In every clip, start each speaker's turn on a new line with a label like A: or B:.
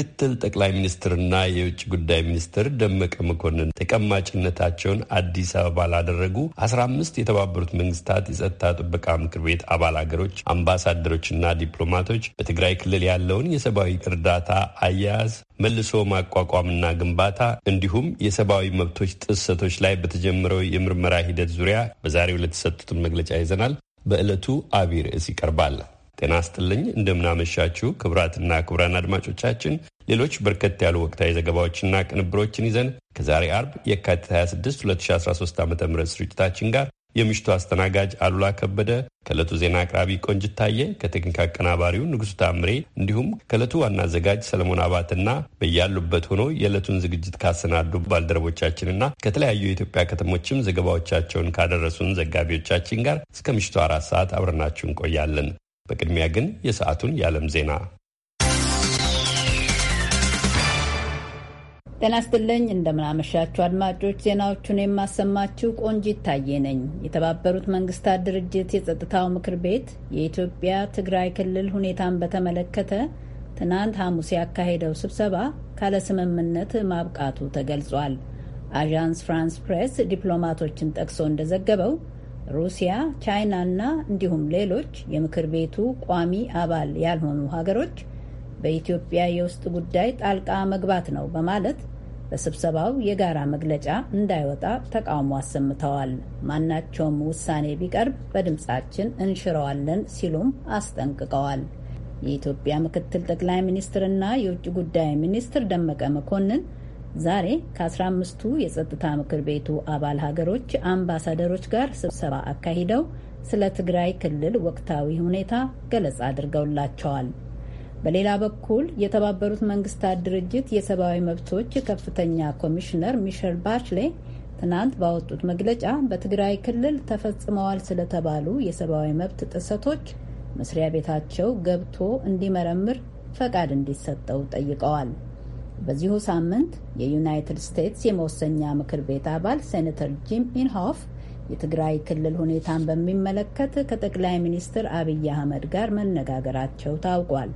A: ምክትል ጠቅላይ ሚኒስትርና የውጭ ጉዳይ ሚኒስትር ደመቀ መኮንን ተቀማጭነታቸውን አዲስ አበባ ላደረጉ አስራ አምስት የተባበሩት መንግስታት የጸጥታ ጥበቃ ምክር ቤት አባል ሀገሮች አምባሳደሮችና ዲፕሎማቶች በትግራይ ክልል ያለውን የሰብአዊ እርዳታ አያያዝ መልሶ ማቋቋምና ግንባታ እንዲሁም የሰብአዊ መብቶች ጥሰቶች ላይ በተጀመረው የምርመራ ሂደት ዙሪያ በዛሬው ዕለት መግለጫ ይዘናል። በዕለቱ አቢይ ርዕስ ይቀርባል። ጤና ስጥልኝ እንደምናመሻችሁ ክቡራትና ክቡራን አድማጮቻችን ሌሎች በርከት ያሉ ወቅታዊ ዘገባዎችና ቅንብሮችን ይዘን ከዛሬ አርብ የካቲት 26 2013 ዓ ም ስርጭታችን ጋር የምሽቱ አስተናጋጅ አሉላ ከበደ ከእለቱ ዜና አቅራቢ ቆንጅታየ ከቴክኒክ አቀናባሪው ንጉሥ ታምሬ እንዲሁም ከእለቱ ዋና አዘጋጅ ሰለሞን አባትና በያሉበት ሆኖ የዕለቱን ዝግጅት ካሰናዱ ባልደረቦቻችንና ከተለያዩ የኢትዮጵያ ከተሞችም ዘገባዎቻቸውን ካደረሱን ዘጋቢዎቻችን ጋር እስከ ምሽቱ አራት ሰዓት አብረናችሁ እንቆያለን። በቅድሚያ ግን የሰዓቱን የዓለም ዜና
B: ጤና ስትልኝ እንደምናመሻችሁ አድማጮች፣ ዜናዎቹን የማሰማችሁ ቆንጂ ይታየ ነኝ። የተባበሩት መንግስታት ድርጅት የጸጥታው ምክር ቤት የኢትዮጵያ ትግራይ ክልል ሁኔታን በተመለከተ ትናንት ሐሙስ ያካሄደው ስብሰባ ካለ ስምምነት ማብቃቱ ተገልጿል። አዣንስ ፍራንስ ፕሬስ ዲፕሎማቶችን ጠቅሶ እንደዘገበው ሩሲያ፣ ቻይና እና እንዲሁም ሌሎች የምክር ቤቱ ቋሚ አባል ያልሆኑ ሀገሮች በኢትዮጵያ የውስጥ ጉዳይ ጣልቃ መግባት ነው በማለት በስብሰባው የጋራ መግለጫ እንዳይወጣ ተቃውሞ አሰምተዋል። ማናቸውም ውሳኔ ቢቀርብ በድምፃችን እንሽረዋለን ሲሉም አስጠንቅቀዋል። የኢትዮጵያ ምክትል ጠቅላይ ሚኒስትርና የውጭ ጉዳይ ሚኒስትር ደመቀ መኮንን ዛሬ ከ15ቱ የጸጥታ ምክር ቤቱ አባል ሀገሮች አምባሳደሮች ጋር ስብሰባ አካሂደው ስለ ትግራይ ክልል ወቅታዊ ሁኔታ ገለጻ አድርገውላቸዋል። በሌላ በኩል የተባበሩት መንግስታት ድርጅት የሰብአዊ መብቶች ከፍተኛ ኮሚሽነር ሚሸል ባችሌ ትናንት ባወጡት መግለጫ በትግራይ ክልል ተፈጽመዋል ስለተባሉ የሰብአዊ መብት ጥሰቶች መስሪያ ቤታቸው ገብቶ እንዲመረምር ፈቃድ እንዲሰጠው ጠይቀዋል። በዚሁ ሳምንት የዩናይትድ ስቴትስ የመወሰኛ ምክር ቤት አባል ሴኔተር ጂም ኢንሆፍ የትግራይ ክልል ሁኔታን በሚመለከት ከጠቅላይ ሚኒስትር አብይ አህመድ ጋር መነጋገራቸው ታውቋል።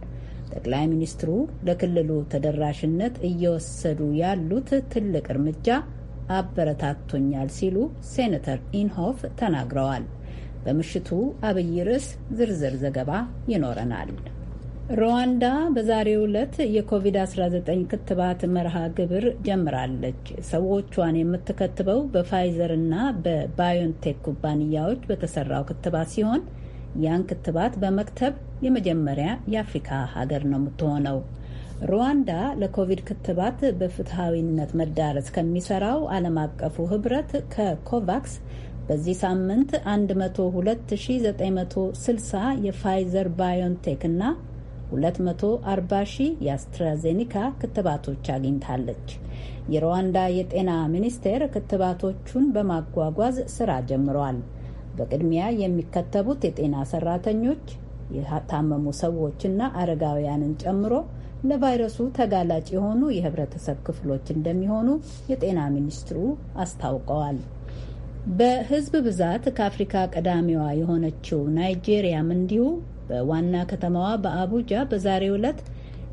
B: ጠቅላይ ሚኒስትሩ ለክልሉ ተደራሽነት እየወሰዱ ያሉት ትልቅ እርምጃ አበረታቶኛል ሲሉ ሴኔተር ኢንሆፍ ተናግረዋል። በምሽቱ አብይ ርዕስ ዝርዝር ዘገባ ይኖረናል። ሩዋንዳ በዛሬው ዕለት የኮቪድ-19 ክትባት መርሃ ግብር ጀምራለች። ሰዎቿን የምትከትበው በፋይዘር እና በባዮንቴክ ኩባንያዎች በተሰራው ክትባት ሲሆን ያን ክትባት በመክተብ የመጀመሪያ የአፍሪካ ሀገር ነው የምትሆነው። ሩዋንዳ ለኮቪድ ክትባት በፍትሐዊነት መዳረስ ከሚሰራው ዓለም አቀፉ ህብረት ከኮቫክስ በዚህ ሳምንት 102960 የፋይዘር ባዮንቴክ እና 240 የአስትራዜኒካ ክትባቶች አግኝታለች። የሩዋንዳ የጤና ሚኒስቴር ክትባቶቹን በማጓጓዝ ስራ ጀምሯል። በቅድሚያ የሚከተቡት የጤና ሰራተኞች፣ የታመሙ ሰዎችና አረጋውያንን ጨምሮ ለቫይረሱ ተጋላጭ የሆኑ የህብረተሰብ ክፍሎች እንደሚሆኑ የጤና ሚኒስትሩ አስታውቀዋል። በህዝብ ብዛት ከአፍሪካ ቀዳሚዋ የሆነችው ናይጄሪያም እንዲሁ በዋና ከተማዋ በአቡጃ በዛሬው ዕለት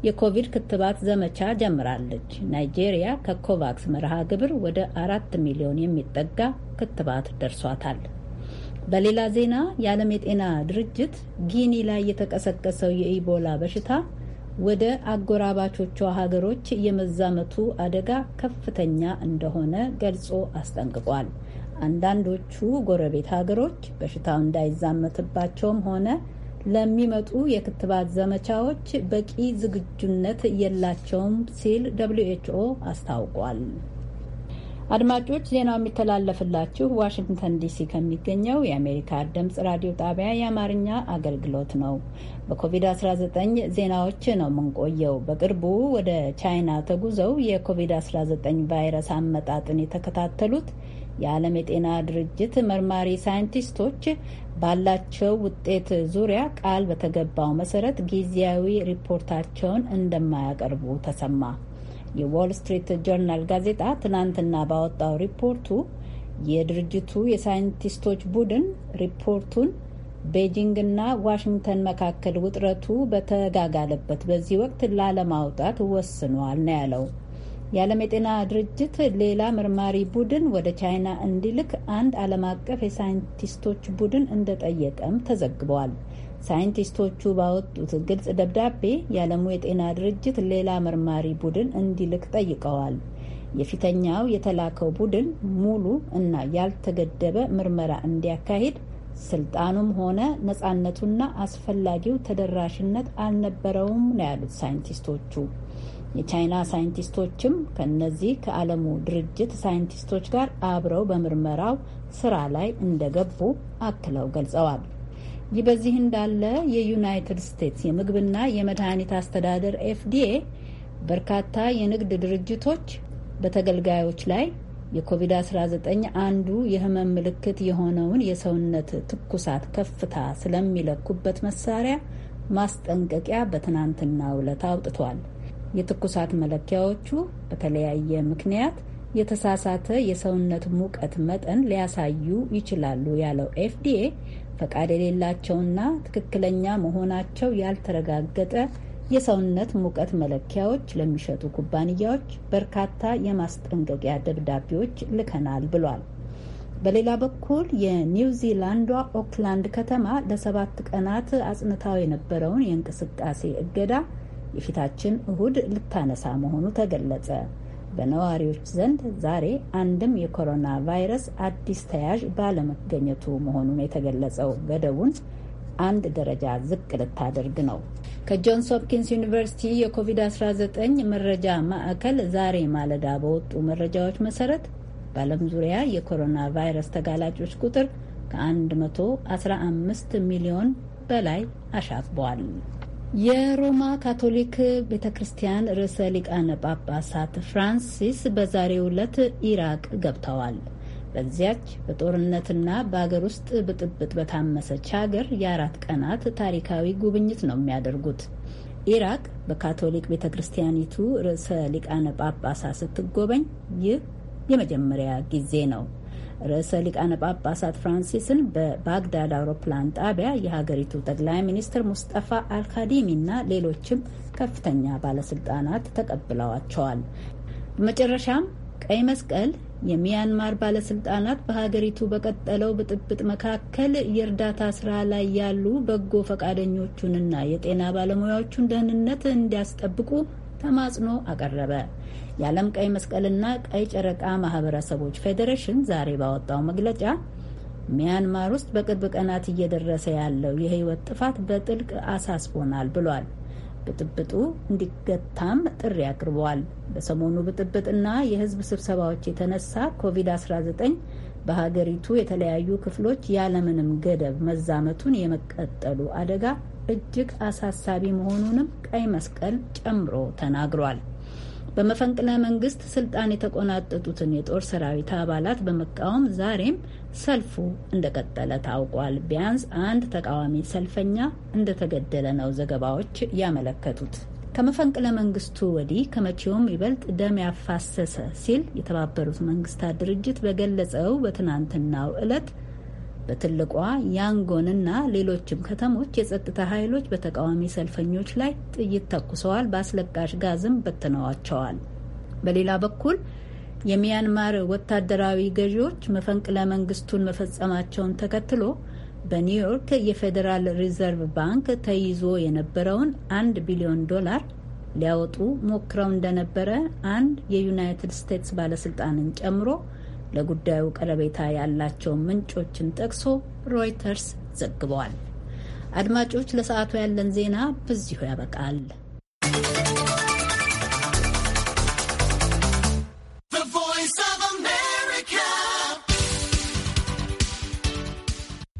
B: የኮቪድ ክትባት ዘመቻ ጀምራለች። ናይጄሪያ ከኮቫክስ መርሃ ግብር ወደ አራት ሚሊዮን የሚጠጋ ክትባት ደርሷታል። በሌላ ዜና የዓለም የጤና ድርጅት ጊኒ ላይ የተቀሰቀሰው የኢቦላ በሽታ ወደ አጎራባቾቿ ሀገሮች የመዛመቱ አደጋ ከፍተኛ እንደሆነ ገልጾ አስጠንቅቋል። አንዳንዶቹ ጎረቤት ሀገሮች በሽታው እንዳይዛመትባቸውም ሆነ ለሚመጡ የክትባት ዘመቻዎች በቂ ዝግጁነት የላቸውም ሲል ደብሊው ኤች ኦ አስታውቋል። አድማጮች ዜናው የሚተላለፍላችሁ ዋሽንግተን ዲሲ ከሚገኘው የአሜሪካ ድምፅ ራዲዮ ጣቢያ የአማርኛ አገልግሎት ነው። በኮቪድ-19 ዜናዎች ነው የምንቆየው። በቅርቡ ወደ ቻይና ተጉዘው የኮቪድ-19 ቫይረስ አመጣጥን የተከታተሉት የዓለም የጤና ድርጅት መርማሪ ሳይንቲስቶች ባላቸው ውጤት ዙሪያ ቃል በተገባው መሰረት ጊዜያዊ ሪፖርታቸውን እንደማያቀርቡ ተሰማ። የዋል ስትሪት ጆርናል ጋዜጣ ትናንትና ባወጣው ሪፖርቱ የድርጅቱ የሳይንቲስቶች ቡድን ሪፖርቱን ቤጂንግና ዋሽንግተን መካከል ውጥረቱ በተጋጋለበት በዚህ ወቅት ላለማውጣት ወስኗል ነው ያለው። የዓለም የጤና ድርጅት ሌላ መርማሪ ቡድን ወደ ቻይና እንዲልክ አንድ ዓለም አቀፍ የሳይንቲስቶች ቡድን እንደጠየቀም ተዘግቧል። ሳይንቲስቶቹ ባወጡት ግልጽ ደብዳቤ የዓለሙ የጤና ድርጅት ሌላ መርማሪ ቡድን እንዲልክ ጠይቀዋል። የፊተኛው የተላከው ቡድን ሙሉ እና ያልተገደበ ምርመራ እንዲያካሂድ ስልጣኑም ሆነ ነጻነቱና አስፈላጊው ተደራሽነት አልነበረውም ነው ያሉት ሳይንቲስቶቹ። የቻይና ሳይንቲስቶችም ከነዚህ ከዓለሙ ድርጅት ሳይንቲስቶች ጋር አብረው በምርመራው ስራ ላይ እንደገቡ አክለው ገልጸዋል። ይህ በዚህ እንዳለ የዩናይትድ ስቴትስ የምግብና የመድኃኒት አስተዳደር ኤፍዲኤ በርካታ የንግድ ድርጅቶች በተገልጋዮች ላይ የኮቪድ-19 አንዱ የህመም ምልክት የሆነውን የሰውነት ትኩሳት ከፍታ ስለሚለኩበት መሳሪያ ማስጠንቀቂያ በትናንትና ዕለት አውጥቷል። የትኩሳት መለኪያዎቹ በተለያየ ምክንያት የተሳሳተ የሰውነት ሙቀት መጠን ሊያሳዩ ይችላሉ ያለው ኤፍዲኤ ፈቃድ የሌላቸውና ትክክለኛ መሆናቸው ያልተረጋገጠ የሰውነት ሙቀት መለኪያዎች ለሚሸጡ ኩባንያዎች በርካታ የማስጠንቀቂያ ደብዳቤዎች ልከናል ብሏል። በሌላ በኩል የኒውዚላንዷ ኦክላንድ ከተማ ለሰባት ቀናት አጽንታው የነበረውን የእንቅስቃሴ እገዳ የፊታችን እሁድ ልታነሳ መሆኑ ተገለጸ። በነዋሪዎች ዘንድ ዛሬ አንድም የኮሮና ቫይረስ አዲስ ተያዥ ባለመገኘቱ መሆኑን የተገለጸው ገደቡን አንድ ደረጃ ዝቅ ልታደርግ ነው። ከጆንስ ሆፕኪንስ ዩኒቨርሲቲ የኮቪድ-19 መረጃ ማዕከል ዛሬ ማለዳ በወጡ መረጃዎች መሰረት በዓለም ዙሪያ የኮሮና ቫይረስ ተጋላጮች ቁጥር ከ115 ሚሊዮን በላይ አሻቅቧል። የሮማ ካቶሊክ ቤተ ክርስቲያን ርዕሰ ሊቃነ ጳጳሳት ፍራንሲስ በዛሬው ዕለት ኢራቅ ገብተዋል። በዚያች በጦርነትና በአገር ውስጥ ብጥብጥ በታመሰች ሀገር የአራት ቀናት ታሪካዊ ጉብኝት ነው የሚያደርጉት። ኢራቅ በካቶሊክ ቤተ ክርስቲያኒቱ ርዕሰ ሊቃነ ጳጳሳት ስትጎበኝ ይህ የመጀመሪያ ጊዜ ነው። ርዕሰ ሊቃነ ጳጳሳት ፍራንሲስን በባግዳድ አውሮፕላን ጣቢያ የሀገሪቱ ጠቅላይ ሚኒስትር ሙስጠፋ አልካዲሚ እና ሌሎችም ከፍተኛ ባለስልጣናት ተቀብለዋቸዋል። በመጨረሻም ቀይ መስቀል የሚያንማር ባለስልጣናት በሀገሪቱ በቀጠለው ብጥብጥ መካከል የእርዳታ ስራ ላይ ያሉ በጎ ፈቃደኞቹንና የጤና ባለሙያዎቹን ደህንነት እንዲያስጠብቁ ተማጽኖ አቀረበ። የዓለም ቀይ መስቀልና ቀይ ጨረቃ ማህበረሰቦች ፌዴሬሽን ዛሬ ባወጣው መግለጫ ሚያንማር ውስጥ በቅርብ ቀናት እየደረሰ ያለው የህይወት ጥፋት በጥልቅ አሳስቦናል ብሏል። ብጥብጡ እንዲገታም ጥሪ አቅርበዋል። በሰሞኑ ብጥብጥና የህዝብ ስብሰባዎች የተነሳ ኮቪድ-19 በሀገሪቱ የተለያዩ ክፍሎች ያለምንም ገደብ መዛመቱን የመቀጠሉ አደጋ እጅግ አሳሳቢ መሆኑንም ቀይ መስቀል ጨምሮ ተናግሯል። በመፈንቅለ መንግስት ስልጣን የተቆናጠጡትን የጦር ሰራዊት አባላት በመቃወም ዛሬም ሰልፉ እንደቀጠለ ታውቋል። ቢያንስ አንድ ተቃዋሚ ሰልፈኛ እንደተገደለ ነው ዘገባዎች ያመለከቱት። ከመፈንቅለ መንግስቱ ወዲህ ከመቼውም ይበልጥ ደም ያፋሰሰ ሲል የተባበሩት መንግስታት ድርጅት በገለጸው በትናንትናው ዕለት በትልቋ ያንጎንና ሌሎችም ከተሞች የጸጥታ ኃይሎች በተቃዋሚ ሰልፈኞች ላይ ጥይት ተኩሰዋል፣ በአስለቃሽ ጋዝም በትነዋቸዋል። በሌላ በኩል የሚያንማር ወታደራዊ ገዢዎች መፈንቅለ መንግስቱን መፈጸማቸውን ተከትሎ በኒውዮርክ የፌዴራል ሪዘርቭ ባንክ ተይዞ የነበረውን አንድ ቢሊዮን ዶላር ሊያወጡ ሞክረው እንደነበረ አንድ የዩናይትድ ስቴትስ ባለስልጣንን ጨምሮ ለጉዳዩ ቀረቤታ ያላቸውን ምንጮችን ጠቅሶ ሮይተርስ ዘግበዋል። አድማጮች፣ ለሰዓቱ ያለን ዜና በዚሁ ያበቃል።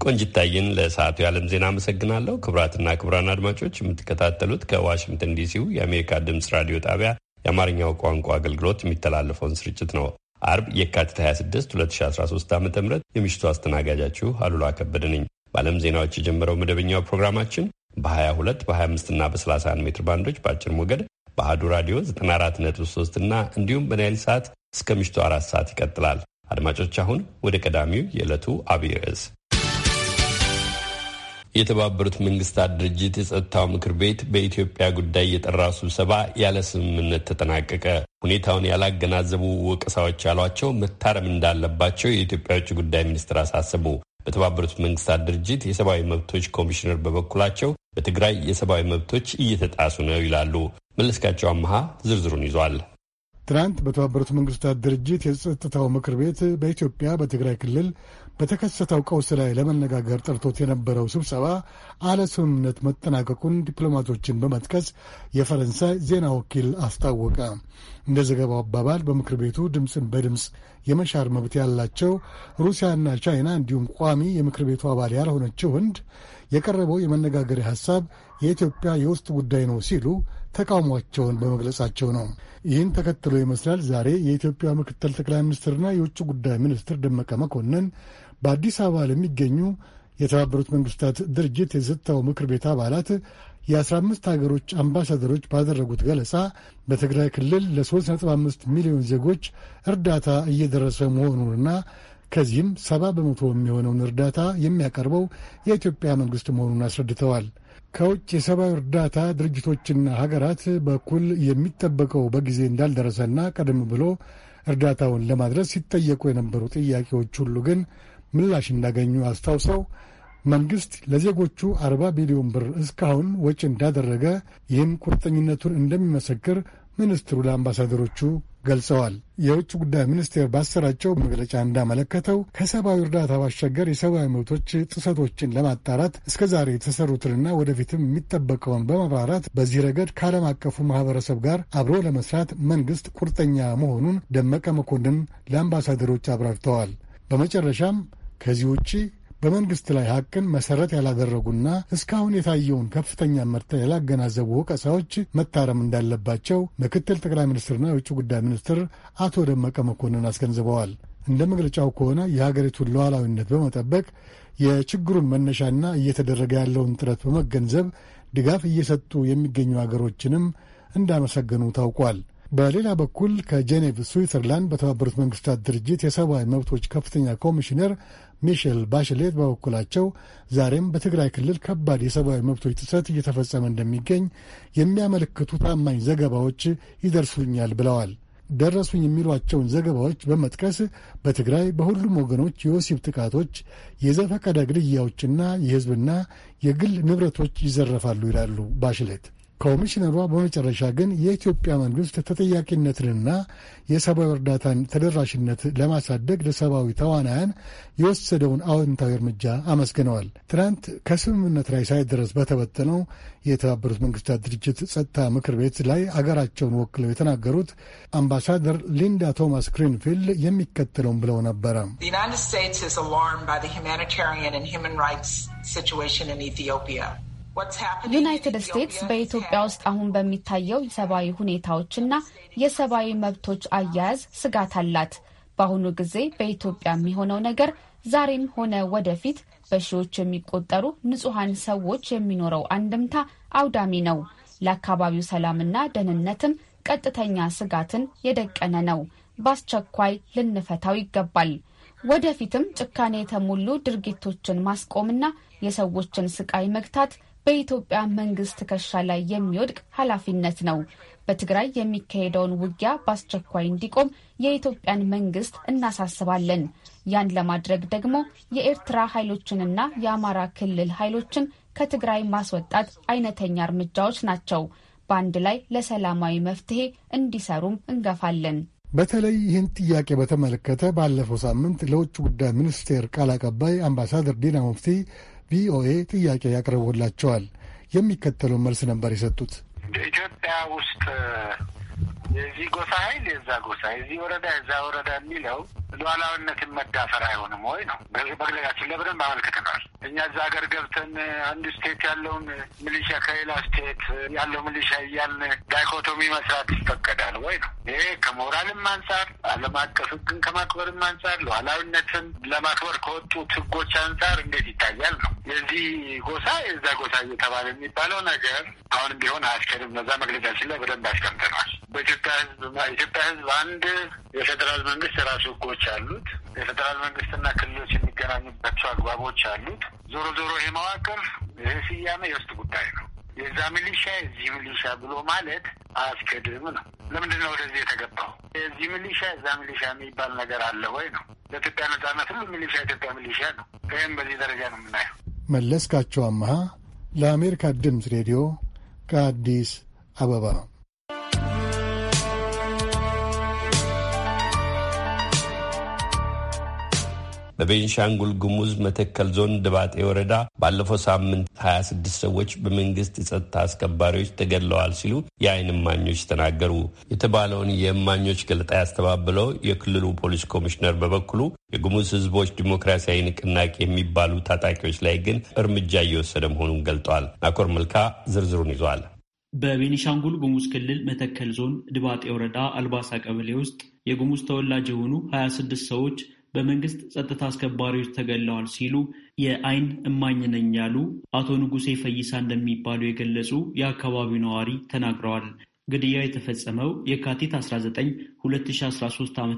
A: ቆንጅታይን ለሰዓቱ የዓለም ዜና አመሰግናለሁ። ክቡራትና ክቡራን አድማጮች የምትከታተሉት ከዋሽንግተን ዲሲው የአሜሪካ ድምፅ ራዲዮ ጣቢያ የአማርኛው ቋንቋ አገልግሎት የሚተላለፈውን ስርጭት ነው። አርብ የካቲት 26 2013 ዓ ም የምሽቱ አስተናጋጃችሁ አሉላ ከበደ ነኝ። በዓለም ዜናዎች የጀመረው መደበኛው ፕሮግራማችን በ22 በ25 እና በ31 ሜትር ባንዶች በአጭር ሞገድ በአህዱ ራዲዮ 943 እና እንዲሁም በናይል ሰዓት እስከ ምሽቱ አራት ሰዓት ይቀጥላል። አድማጮች አሁን ወደ ቀዳሚው የዕለቱ አብይ ርዕስ የተባበሩት መንግስታት ድርጅት የጸጥታው ምክር ቤት በኢትዮጵያ ጉዳይ የጠራ ስብሰባ ያለ ስምምነት ተጠናቀቀ። ሁኔታውን ያላገናዘቡ ወቀሳዎች ያሏቸው መታረም እንዳለባቸው የኢትዮጵያ ውጭ ጉዳይ ሚኒስትር አሳሰቡ። በተባበሩት መንግስታት ድርጅት የሰብአዊ መብቶች ኮሚሽነር በበኩላቸው በትግራይ የሰብአዊ መብቶች እየተጣሱ ነው ይላሉ። መለስካቸው አመሃ ዝርዝሩን ይዟል።
C: ትናንት በተባበሩት መንግስታት ድርጅት የጸጥታው ምክር ቤት በኢትዮጵያ በትግራይ ክልል በተከሰተው ቀውስ ላይ ለመነጋገር ጠርቶት የነበረው ስብሰባ አለ ስምምነት መጠናቀቁን ዲፕሎማቶችን በመጥቀስ የፈረንሳይ ዜና ወኪል አስታወቀ። እንደ ዘገባው አባባል በምክር ቤቱ ድምፅን በድምፅ የመሻር መብት ያላቸው ሩሲያና ቻይና እንዲሁም ቋሚ የምክር ቤቱ አባል ያልሆነችው ህንድ የቀረበው የመነጋገሪያ ሀሳብ የኢትዮጵያ የውስጥ ጉዳይ ነው ሲሉ ተቃውሟቸውን በመግለጻቸው ነው። ይህን ተከትሎ ይመስላል ዛሬ የኢትዮጵያ ምክትል ጠቅላይ ሚኒስትርና የውጭ ጉዳይ ሚኒስትር ደመቀ መኮንን በአዲስ አበባ ለሚገኙ የተባበሩት መንግስታት ድርጅት የጸጥታው ምክር ቤት አባላት የአስራ 15 ሀገሮች አምባሳደሮች ባደረጉት ገለጻ በትግራይ ክልል ለ35 ሚሊዮን ዜጎች እርዳታ እየደረሰ መሆኑንና ከዚህም ሰባ በመቶ የሚሆነውን እርዳታ የሚያቀርበው የኢትዮጵያ መንግስት መሆኑን አስረድተዋል። ከውጭ የሰብአዊ እርዳታ ድርጅቶችና ሀገራት በኩል የሚጠበቀው በጊዜ እንዳልደረሰና ቀደም ብሎ እርዳታውን ለማድረስ ሲጠየቁ የነበሩ ጥያቄዎች ሁሉ ግን ምላሽ እንዳገኙ አስታውሰው መንግሥት ለዜጎቹ 40 ቢሊዮን ብር እስካሁን ወጪ እንዳደረገ ይህም ቁርጠኝነቱን እንደሚመሰክር ሚኒስትሩ ለአምባሳደሮቹ ገልጸዋል። የውጭ ጉዳይ ሚኒስቴር ባሰራጨው መግለጫ እንዳመለከተው ከሰብአዊ እርዳታ ባሻገር የሰብአዊ መብቶች ጥሰቶችን ለማጣራት እስከ ዛሬ የተሰሩትንና ወደፊትም የሚጠበቀውን በማብራራት በዚህ ረገድ ከዓለም አቀፉ ማህበረሰብ ጋር አብሮ ለመስራት መንግሥት ቁርጠኛ መሆኑን ደመቀ መኮንን ለአምባሳደሮች አብራርተዋል። በመጨረሻም ከዚህ ውጪ በመንግስት ላይ ሐቅን መሰረት ያላደረጉና እስካሁን የታየውን ከፍተኛ መርታ ያላገናዘቡ ወቀሳዎች መታረም እንዳለባቸው ምክትል ጠቅላይ ሚኒስትርና የውጭ ጉዳይ ሚኒስትር አቶ ደመቀ መኮንን አስገንዝበዋል። እንደ መግለጫው ከሆነ የሀገሪቱን ሉዓላዊነት በመጠበቅ የችግሩን መነሻና እየተደረገ ያለውን ጥረት በመገንዘብ ድጋፍ እየሰጡ የሚገኙ ሀገሮችንም እንዳመሰገኑ ታውቋል። በሌላ በኩል ከጄኔቭ ስዊትዘርላንድ በተባበሩት መንግስታት ድርጅት የሰብአዊ መብቶች ከፍተኛ ኮሚሽነር ሚሼል ባሽሌት በበኩላቸው ዛሬም በትግራይ ክልል ከባድ የሰብአዊ መብቶች ጥሰት እየተፈጸመ እንደሚገኝ የሚያመለክቱ ታማኝ ዘገባዎች ይደርሱኛል ብለዋል። ደረሱኝ የሚሏቸውን ዘገባዎች በመጥቀስ በትግራይ በሁሉም ወገኖች የወሲብ ጥቃቶች፣ የዘፈቀደ ግድያዎችና የሕዝብና የግል ንብረቶች ይዘረፋሉ ይላሉ ባሽሌት። ኮሚሽነሯ በመጨረሻ ግን የኢትዮጵያ መንግስት ተጠያቂነትንና የሰብአዊ እርዳታን ተደራሽነት ለማሳደግ ለሰብአዊ ተዋናያን የወሰደውን አዎንታዊ እርምጃ አመስግነዋል። ትናንት ከስምምነት ላይ ሳይደረስ በተበተነው የተባበሩት መንግስታት ድርጅት ጸጥታ ምክር ቤት ላይ አገራቸውን ወክለው የተናገሩት አምባሳደር ሊንዳ ቶማስ ግሪንፊልድ የሚከተለውን ብለው ነበረ።
D: ዩናይትድ ስቴትስ
E: ዩናይትድ ስቴትስ በኢትዮጵያ ውስጥ አሁን በሚታየው የሰብአዊ ሁኔታዎችና የሰብአዊ መብቶች አያያዝ ስጋት አላት። በአሁኑ ጊዜ በኢትዮጵያ የሚሆነው ነገር ዛሬም ሆነ ወደፊት በሺዎች የሚቆጠሩ ንጹሐን ሰዎች የሚኖረው አንድምታ አውዳሚ ነው። ለአካባቢው ሰላምና ደህንነትም ቀጥተኛ ስጋትን የደቀነ ነው። በአስቸኳይ ልንፈታው ይገባል። ወደፊትም ጭካኔ የተሞሉ ድርጊቶችን ማስቆምና የሰዎችን ስቃይ መግታት በኢትዮጵያ መንግስት ትከሻ ላይ የሚወድቅ ኃላፊነት ነው። በትግራይ የሚካሄደውን ውጊያ በአስቸኳይ እንዲቆም የኢትዮጵያን መንግስት እናሳስባለን። ያን ለማድረግ ደግሞ የኤርትራ ኃይሎችንና የአማራ ክልል ኃይሎችን ከትግራይ ማስወጣት አይነተኛ እርምጃዎች ናቸው። በአንድ ላይ ለሰላማዊ መፍትሄ እንዲሰሩም እንገፋለን።
C: በተለይ ይህን ጥያቄ በተመለከተ ባለፈው ሳምንት ለውጭ ጉዳይ ሚኒስቴር ቃል አቀባይ አምባሳደር ዲና ሙፍቲ ቪኦኤ ጥያቄ ያቀርቦላቸዋል። የሚከተለው መልስ ነበር የሰጡት። ኢትዮጵያ
F: ውስጥ የዚህ ጎሳ ኃይል የዛ ጎሳ፣ የዚህ ወረዳ የዛ ወረዳ የሚለው ሉዓላዊነትን መዳፈር አይሆንም ወይ ነው። በግለጋችን ላይ በደንብ አመልክተናል። እኛ እዛ ሀገር ገብተን አንድ ስቴት ያለውን ሚሊሻ ከሌላ ስቴት ያለው ሚሊሻ እያልን ዳይኮቶሚ መስራት ይፈቀዳል ወይ ነው። ይሄ ከሞራልም አንጻር ዓለም አቀፍ ሕግን ከማክበርም አንጻር ሉዓላዊነትን ለማክበር ከወጡት ሕጎች አንጻር እንዴት ይታያል ነው። የዚህ ጎሳ የዛ ጎሳ እየተባለ የሚባለው ነገር አሁንም ቢሆን አያስኬድም። በዛ መግለጫችን ላይ በደንብ የኢትዮጵያ ህዝብ ኢትዮጵያ ህዝብ አንድ የፌዴራል መንግስት የራሱ ህጎች አሉት። የፌዴራል መንግስትና ክልሎች የሚገናኙባቸው አግባቦች አሉት። ዞሮ ዞሮ ይህ መዋቅር ይህ ስያሜ የውስጥ ጉዳይ ነው። የዛ ሚሊሻ የዚህ ሚሊሻ ብሎ ማለት አያስገድም ነው። ለምንድን ነው ወደዚህ የተገባው? የዚህ ሚሊሻ የዛ ሚሊሻ የሚባል ነገር አለ ወይ ነው። ለኢትዮጵያ ነጻነት ሁሉ ሚሊሻ ኢትዮጵያ ሚሊሻ ነው። ይህም በዚህ ደረጃ ነው የምናየው።
C: መለስካቸው አመሃ ለአሜሪካ ድምፅ ሬዲዮ ከአዲስ አበባ ነው።
A: በቤንሻንጉል ጉሙዝ መተከል ዞን ድባጤ ወረዳ ባለፈው ሳምንት 26 ሰዎች በመንግስት የጸጥታ አስከባሪዎች ተገድለዋል ሲሉ የዓይን እማኞች ተናገሩ። የተባለውን የእማኞች ገለጣ ያስተባበለው የክልሉ ፖሊስ ኮሚሽነር በበኩሉ የጉሙዝ ህዝቦች ዲሞክራሲያዊ ንቅናቄ የሚባሉ ታጣቂዎች ላይ ግን እርምጃ እየወሰደ መሆኑን ገልጧል። ናኮር መልካ ዝርዝሩን ይዟል።
G: በቤኒሻንጉል ጉሙዝ ክልል መተከል ዞን ድባጤ ወረዳ አልባሳ ቀበሌ ውስጥ የጉሙዝ ተወላጅ የሆኑ 26 ሰዎች በመንግስት ጸጥታ አስከባሪዎች ተገለዋል ሲሉ የአይን እማኝ ነኝ ያሉ አቶ ንጉሴ ፈይሳ እንደሚባሉ የገለጹ የአካባቢው ነዋሪ ተናግረዋል። ግድያ የተፈጸመው የካቲት 19 2013 ዓ ም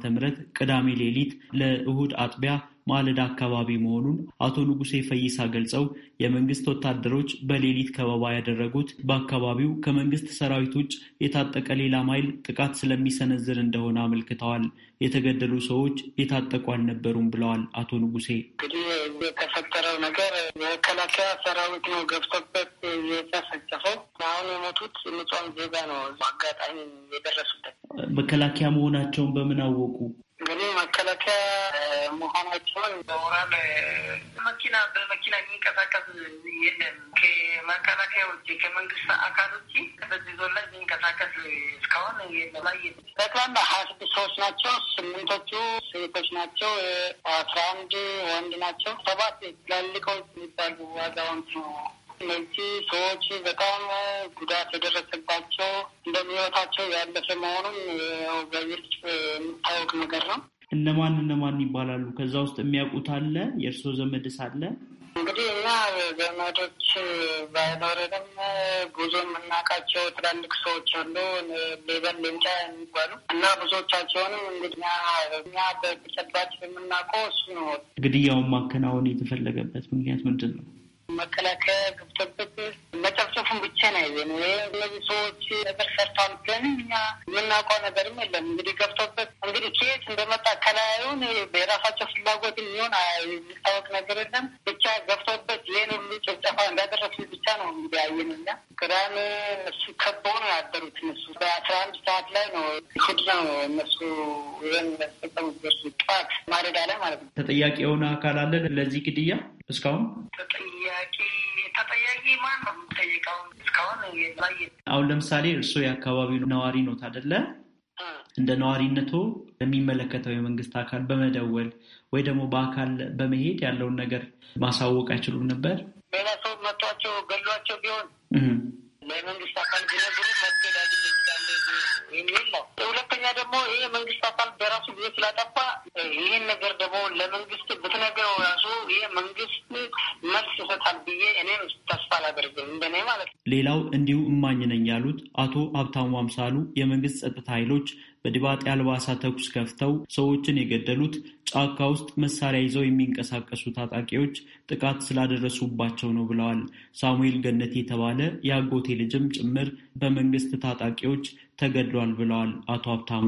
G: ቅዳሜ ሌሊት ለእሁድ አጥቢያ ማለዳ አካባቢ መሆኑን አቶ ንጉሴ ፈይሳ ገልጸው የመንግስት ወታደሮች በሌሊት ከበባ ያደረጉት በአካባቢው ከመንግስት ሰራዊት ውጭ የታጠቀ ሌላ ማይል ጥቃት ስለሚሰነዝር እንደሆነ አመልክተዋል። የተገደሉ ሰዎች የታጠቁ አልነበሩም ብለዋል አቶ ንጉሴ።
H: እንግዲህ የተፈጠረው ነገር የመከላከያ ሰራዊት ነው ገብቶበት የጨፈጨፈው።
G: አሁን የሞቱት ንጹሐን ዜጋ ነው አጋጣሚ የደረሱበት። መከላከያ መሆናቸውን በምን አወቁ? እንግዲህ
H: መከላከያ መሆናቸውን በሞራል መኪና በመኪና የሚንቀሳቀስ የለም ከመከላከያ ውጭ ከመንግስት አካል ውጭ በዚህ ዞን ላይ የሚንቀሳቀስ እስካሁን የለም። ጠቅላላ ሀያ ስድስት ሰዎች ናቸው። ስምንቶቹ ሴቶች ናቸው፣ አስራ አንድ ወንድ ናቸው። ሰባት ትላልቆች የሚባሉ አዛውንት ነው። እነዚህ ሰዎች በጣም ጉዳት የደረሰባቸው እንደሚወታቸው ያለፈ መሆኑን በግልጽ የሚታወቅ ነገር
G: ነው። እነማን እነማን ይባላሉ? ከዛ ውስጥ የሚያውቁት አለ? የእርስዎ ዘመድስ አለ?
H: እንግዲህ እኛ ዘመዶች ባይኖርንም ብዙ የምናውቃቸው ትላልቅ ሰዎች አሉ፣ ሌበል ሌንጫ የሚባሉ እና ብዙዎቻቸውንም እንግዲህ እኛ በተጨባጭ የምናውቀው እሱ ነው።
G: ግድያውን ማከናወን የተፈለገበት ምክንያት ምንድን ነው? መከላከያ
H: ገብተበት መጨፍጨፉን ብቻ ነው ያየን። እነዚህ ሰዎች ነገር ሰርቷል፣ ግን እኛ የምናውቀው ነገርም የለም። እንግዲህ ገብቶበት እንግዲህ ከየት እንደመጣ ከላዩን የራሳቸው ፍላጎት የሚሆን የሚታወቅ ነገር የለም። ብቻ ገብቶበት ይህን ሁሉ ጭፍጨፋ እንዳደረሱ ብቻ ነው እንግዲህ ያየን እኛ። ቅዳሜ እነሱ ከበው ነው ያደሩት። እነሱ በአስራ አንድ ሰዓት ላይ ነው እሑድ ነው እነሱ ይህን ጠቀሙበት ጠዋት ማለዳ ላይ ማለት
G: ነው። ተጠያቂ የሆነ አካል አለ ለዚህ ግድያ እስካሁን
H: ተጠያቂ ማን ነው የምጠይቀው? እስካሁን
G: አሁን ለምሳሌ እርስዎ የአካባቢው ነዋሪ ኖት አደለ? እንደ ነዋሪነቶ ለሚመለከተው የመንግስት አካል በመደወል ወይ ደግሞ በአካል በመሄድ ያለውን ነገር ማሳወቅ አይችሉም ነበር? ሌላ ሰው መቷቸው ገሏቸው ቢሆን ለመንግስት
H: ሁለተኛ ደግሞ ይህ መንግስት አካል በራሱ ጊዜ ስላጠፋ ይህን ነገር ደግሞ ለመንግስት ብትነግረው ራሱ ይህ መንግስት መልስ ይሰጣል ብዬ እኔም ተስፋ አላደርግም እንደኔ ማለት ነው።
G: ሌላው እንዲሁ እማኝ ነኝ ያሉት አቶ ሀብታሙ አምሳሉ የመንግስት ጸጥታ ኃይሎች በድባጤ አልባሳ ተኩስ ከፍተው ሰዎችን የገደሉት ጫካ ውስጥ መሳሪያ ይዘው የሚንቀሳቀሱ ታጣቂዎች ጥቃት ስላደረሱባቸው ነው ብለዋል። ሳሙኤል ገነት የተባለ የአጎቴ ልጅም ጭምር በመንግስት ታጣቂዎች ተገድሏል ብለዋል አቶ ሀብታሙ።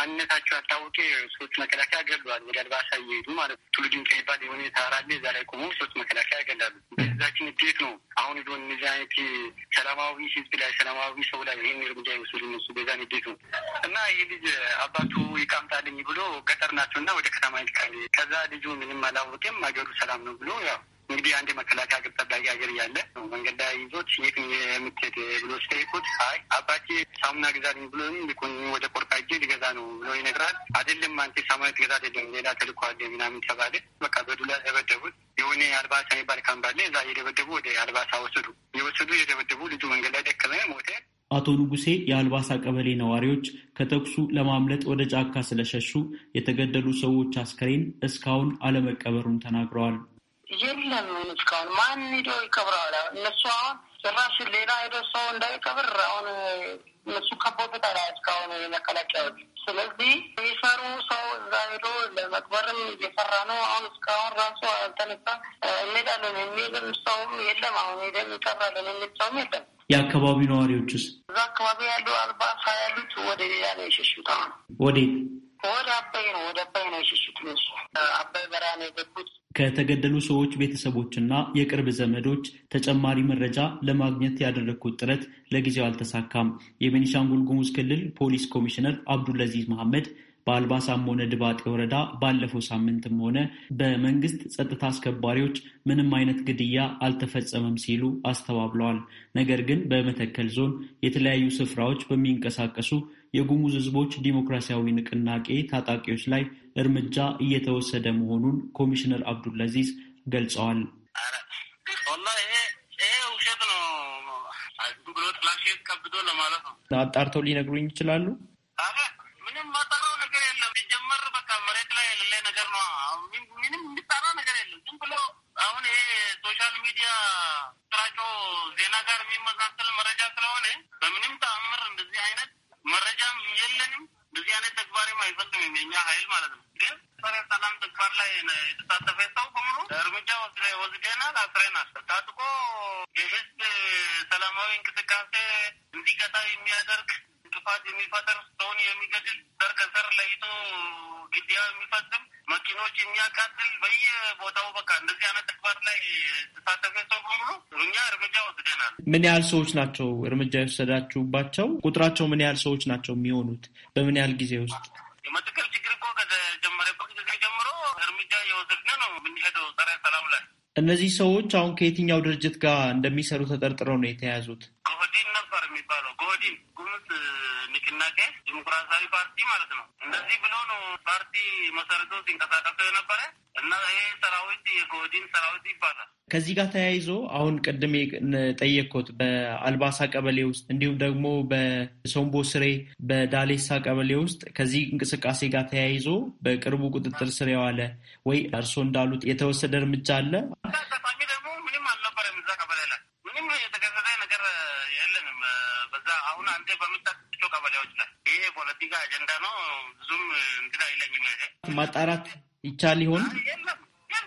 G: ማንነታቸው ያልታወቀ ሰዎች መከላከያ ገድሏል። ወደ አልባሳ እየሄዱ ማለት ነው። ቱሉዲ የሚባል የሆነ ተራራ አለ።
H: እዛ ላይ ቆሞ ሰዎች መከላከያ ይገላሉ። በዛችን እንዴት ነው አሁን ዶ እነዚህ አይነት ሰላማዊ ህዝብ ላይ ሰላማዊ ሰው ላይ ይህን እርምጃ ይወስዱ እነሱ በዛን እንዴት ነው እና ይህ ልጅ አባቱ ይቃምጣልኝ ብሎ ገጠር ናቸው እና ወደ ከተማ ይልካል። ከዛ ልጁ ምንም አላወቅም አገሩ ሰላም ነው ብሎ ያው እንግዲህ አንድ የመከላከያ ግብ ጠባቂ ሀገር እያለ መንገድ ላይ ይዞት የት የምትሄድ ብሎ ሲጠይቁት አይ አባቴ ሳሙና ግዛልኝ ብሎ ልኩኝ ወደ ቆርቃ እጅ ሊገዛ ነው ብሎ ይነግራል። አይደለም አንተ ሳሙና ትገዛ አይደለም ሌላ ተልኳል ምናምን ተባለ። በቃ በዱላ ደበደቡት። የሆነ አልባሳ የሚባል ካምባለ እዛ የደበደቡ ወደ አልባሳ ወሰዱ። የወሰዱ የደበደቡ
G: ልጁ መንገድ ላይ ደከመ፣ ሞተ። አቶ ንጉሴ የአልባሳ ቀበሌ ነዋሪዎች ከተኩሱ ለማምለጥ ወደ ጫካ ስለሸሹ የተገደሉ ሰዎች አስከሬን እስካሁን አለመቀበሩን ተናግረዋል።
H: የለም እስካሁን ማን ሂዶ ይቀብረዋል? እነሱ አሁን ጭራሽ ሌላ ሄዶ ሰው እንዳይቀብር አሁን እነሱ ከቦታታ እስካሁን የመከላከያዎች ስለዚህ የሚሰሩ ሰው እዛ ሄዶ ለመቅበርም እየሰራ ነው። አሁን እስካሁን ራሱ አልተነሳ እንሄዳለን
G: የሚልም ሰውም የለም። አሁን ሄደን ይቀብራለን የሚል ሰውም የለም። የአካባቢው ነዋሪዎችስ እዛ አካባቢ ያሉ
H: አልባሳ ያሉት ወደ ሌላ ነው የሸሽተው
G: ወዴት ወደ አባይ ነው ወደ
H: አባይ ነው ሽሽት ነሱ አባይ በረሃ ነው
G: የገቡት። ከተገደሉ ሰዎች ቤተሰቦችና የቅርብ ዘመዶች ተጨማሪ መረጃ ለማግኘት ያደረግኩት ጥረት ለጊዜው አልተሳካም። የቤኒሻንጉል ጉሙዝ ክልል ፖሊስ ኮሚሽነር አብዱልአዚዝ መሐመድ በአልባሳም ሆነ ድባጤ ወረዳ ባለፈው ሳምንትም ሆነ በመንግስት ጸጥታ አስከባሪዎች ምንም አይነት ግድያ አልተፈጸመም ሲሉ አስተባብለዋል። ነገር ግን በመተከል ዞን የተለያዩ ስፍራዎች በሚንቀሳቀሱ የጉሙዝ ህዝቦች ዲሞክራሲያዊ ንቅናቄ ታጣቂዎች ላይ እርምጃ እየተወሰደ መሆኑን ኮሚሽነር አብዱልአዚዝ ገልጸዋል። ቀብዶ ለማለት ነው። አጣርተው ሊነግሩኝ ይችላሉ? ምንም ማጣራው ነገር የለም። ሲጀመር
H: በቃ መሬት ላይ የሌለ ነገር ነው። ምንም የሚጣራ ነገር የለም። ዝም ብሎ አሁን ይሄ ሶሻል ሚዲያ ስራቸው ዜና ጋር የሚመሳሰል መረጃ ስለሆነ በምንም ተአምር እንደዚህ አይነት መረጃም የለንም። በዚህ አይነት ተግባርም አይፈጽምም የኛ ሀይል ማለት ነው። ግን ጸረ ሰላም ተግባር ላይ የተሳተፈ ሰው በሙሉ እርምጃ ወስደናል፣ አስረናል። ታጥቆ የህዝብ ሰላማዊ እንቅስቃሴ እንዲቀጣ የሚያደርግ ጥፋት የሚፈጠር ሰውን የሚገድል ዘር ከዘር ለይቶ ግድያ የሚፈጽም መኪኖች የሚያቃጥል በየቦታው በቃ እንደዚህ አይነት ተግባር ላይ
G: ተሳተፈ ሰው በሙሉ እኛ እርምጃ ወስደናል። ምን ያህል ሰዎች ናቸው እርምጃ የወሰዳችሁባቸው? ቁጥራቸው ምን ያህል ሰዎች ናቸው የሚሆኑት? በምን ያህል ጊዜ ውስጥ? የመትከል ችግር እኮ ከተጀመረበት ጊዜ ጀምሮ እርምጃ የወሰድን ነው የምንሄደው ጸረ ሰላም ላይ። እነዚህ ሰዎች አሁን ከየትኛው ድርጅት ጋር እንደሚሰሩ ተጠርጥረው ነው የተያዙት? ጎህዲን ነበር የሚባለው ጎህዲን ጉምዝ ንቅናቄ ዲሞክራሲያዊ ፓርቲ ማለት ነው። እንደዚህ ብሎ ነው ፓርቲ መሰረቶ ሲንቀሳቀሰ የነበረ
H: እና ይሄ ሰራዊት
G: የጎህዲን ሰራዊት ይባላል። ከዚህ ጋር ተያይዞ አሁን ቅድም ጠየቅኩት በአልባሳ ቀበሌ ውስጥ እንዲሁም ደግሞ በሶምቦ ስሬ፣ በዳሌሳ ቀበሌ ውስጥ ከዚህ እንቅስቃሴ ጋር ተያይዞ በቅርቡ ቁጥጥር ስር የዋለ ወይ እርስዎ እንዳሉት የተወሰደ እርምጃ አለ? ደግሞ ምንም አልነበረም እዛ ቀበሌ ላይ ምንም የተከሰተ ነገር የለንም። በዛ አሁን አንዴ በምታቸው ቀበሌዎች ላይ ይሄ ፖለቲካ አጀንዳ ነው። ብዙም እንትን አይለኝም። ይሄ ማጣራት ይቻል ይሆን የለም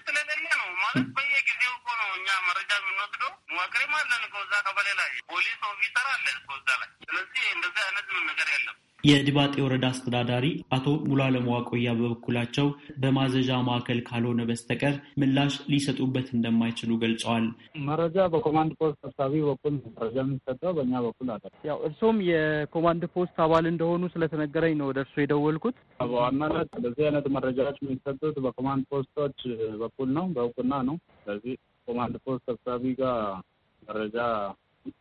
G: ስለሌለ ነው ማለት በየጊዜው
H: እኮ ነው እኛ መረጃ የምንወስደው። መዋቅሬም አለን እኮ እዛ ቀበሌ ላይ ፖሊስ ኦፊሰር አለ እኮ
G: እዛ ላይ። ስለዚህ እንደዚህ አይነት ምን ነገር የለም። የድባጤ ወረዳ አስተዳዳሪ አቶ ሙሉዓለም ዋቆያ በበኩላቸው በማዘዣ ማዕከል ካልሆነ በስተቀር ምላሽ ሊሰጡበት እንደማይችሉ ገልጸዋል። መረጃ በኮማንድ
I: ፖስት ሰብሳቢ በኩል መረጃ የሚሰጠው በእኛ በኩል አለ።
G: ያው የኮማንድ ፖስት አባል እንደሆኑ ስለተነገረኝ ነው ወደ የደወልኩት።
I: በዋናነት እንደዚህ አይነት መረጃዎች የሚሰጡት በኮማንድ ፖስቶች በኩል ነው፣ በእውቅና ነው። ስለዚህ ኮማንድ ፖስት ሰብሳቢ ጋር
J: መረጃ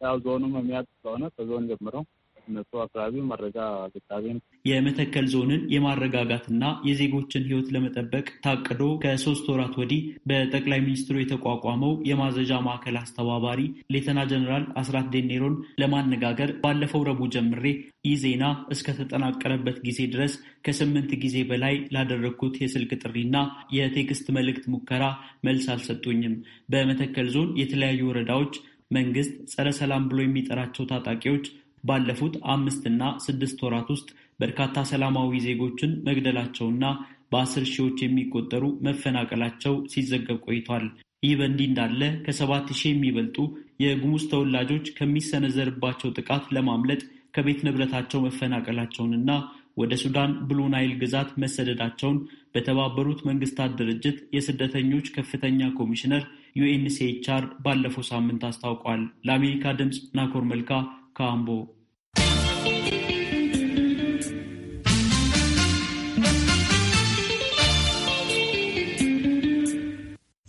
J: ያው ዞኑም የሚያጥ ስለሆነ ከዞን ጀምረው እነሱ አካባቢ መረጃ
G: ልታቤ የመተከል ዞንን የማረጋጋትና የዜጎችን ህይወት ለመጠበቅ ታቅዶ ከሶስት ወራት ወዲህ በጠቅላይ ሚኒስትሩ የተቋቋመው የማዘዣ ማዕከል አስተባባሪ ሌተና ጀኔራል አስራት ዴኔሮን ለማነጋገር ባለፈው ረቡዕ ጀምሬ ይህ ዜና እስከተጠናቀረበት ጊዜ ድረስ ከስምንት ጊዜ በላይ ላደረግኩት የስልክ ጥሪና የቴክስት መልእክት ሙከራ መልስ አልሰጡኝም። በመተከል ዞን የተለያዩ ወረዳዎች መንግስት ጸረ ሰላም ብሎ የሚጠራቸው ታጣቂዎች ባለፉት አምስትና ስድስት ወራት ውስጥ በርካታ ሰላማዊ ዜጎችን መግደላቸውና በአስር ሺዎች የሚቆጠሩ መፈናቀላቸው ሲዘገብ ቆይቷል። ይህ በእንዲህ እንዳለ ከሰባት ሺህ የሚበልጡ የጉሙዝ ተወላጆች ከሚሰነዘርባቸው ጥቃት ለማምለጥ ከቤት ንብረታቸው መፈናቀላቸውንና ወደ ሱዳን ብሉ ናይል ግዛት መሰደዳቸውን በተባበሩት መንግስታት ድርጅት የስደተኞች ከፍተኛ ኮሚሽነር ዩኤንሲኤችአር ባለፈው ሳምንት አስታውቋል። ለአሜሪካ ድምፅ ናኮር መልካ ካምቦ።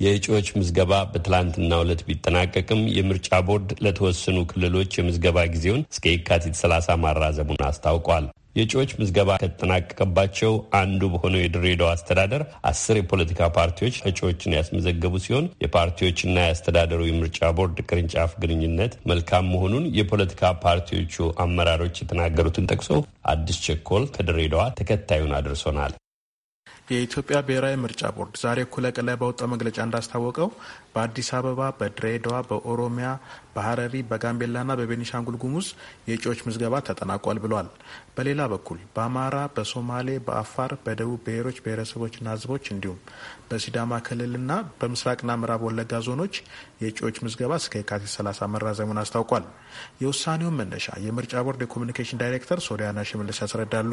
A: የእጩዎች ምዝገባ በትላንትና ዕለት ቢጠናቀቅም የምርጫ ቦርድ ለተወሰኑ ክልሎች የምዝገባ ጊዜውን እስከ የካቲት 30 ማራዘሙን አስታውቋል። የእጩዎች ምዝገባ ከተጠናቀቀባቸው አንዱ በሆነው የድሬዳዋ አስተዳደር አስር የፖለቲካ ፓርቲዎች እጩዎችን ያስመዘገቡ ሲሆን የፓርቲዎችና የአስተዳደሩ የምርጫ ቦርድ ቅርንጫፍ ግንኙነት መልካም መሆኑን የፖለቲካ ፓርቲዎቹ አመራሮች የተናገሩትን ጠቅሶ አዲስ ቸኮል ከድሬዳዋ ተከታዩን አድርሶናል። የኢትዮጵያ ብሔራዊ ምርጫ ቦርድ
K: ዛሬ እኩለ ቀን ላይ ባወጣው መግለጫ እንዳስታወቀው በአዲስ አበባ፣ በድሬዳዋ፣ በኦሮሚያ፣ በሀረሪ፣ በጋምቤላና በቤኒሻንጉል ጉሙዝ የእጩዎች ምዝገባ ተጠናቋል ብሏል። በሌላ በኩል በአማራ፣ በሶማሌ፣ በአፋር፣ በደቡብ ብሔሮች ብሔረሰቦችና ህዝቦች እንዲሁም በሲዳማ ክልልና በምስራቅና ምዕራብ ወለጋ ዞኖች የእጩዎች ምዝገባ እስከ የካቲት 30 መራዘሙን አስታውቋል። የውሳኔውን መነሻ የምርጫ ቦርድ የኮሚኒኬሽን ዳይሬክተር ሶሊያና ሽመልስ ያስረዳሉ።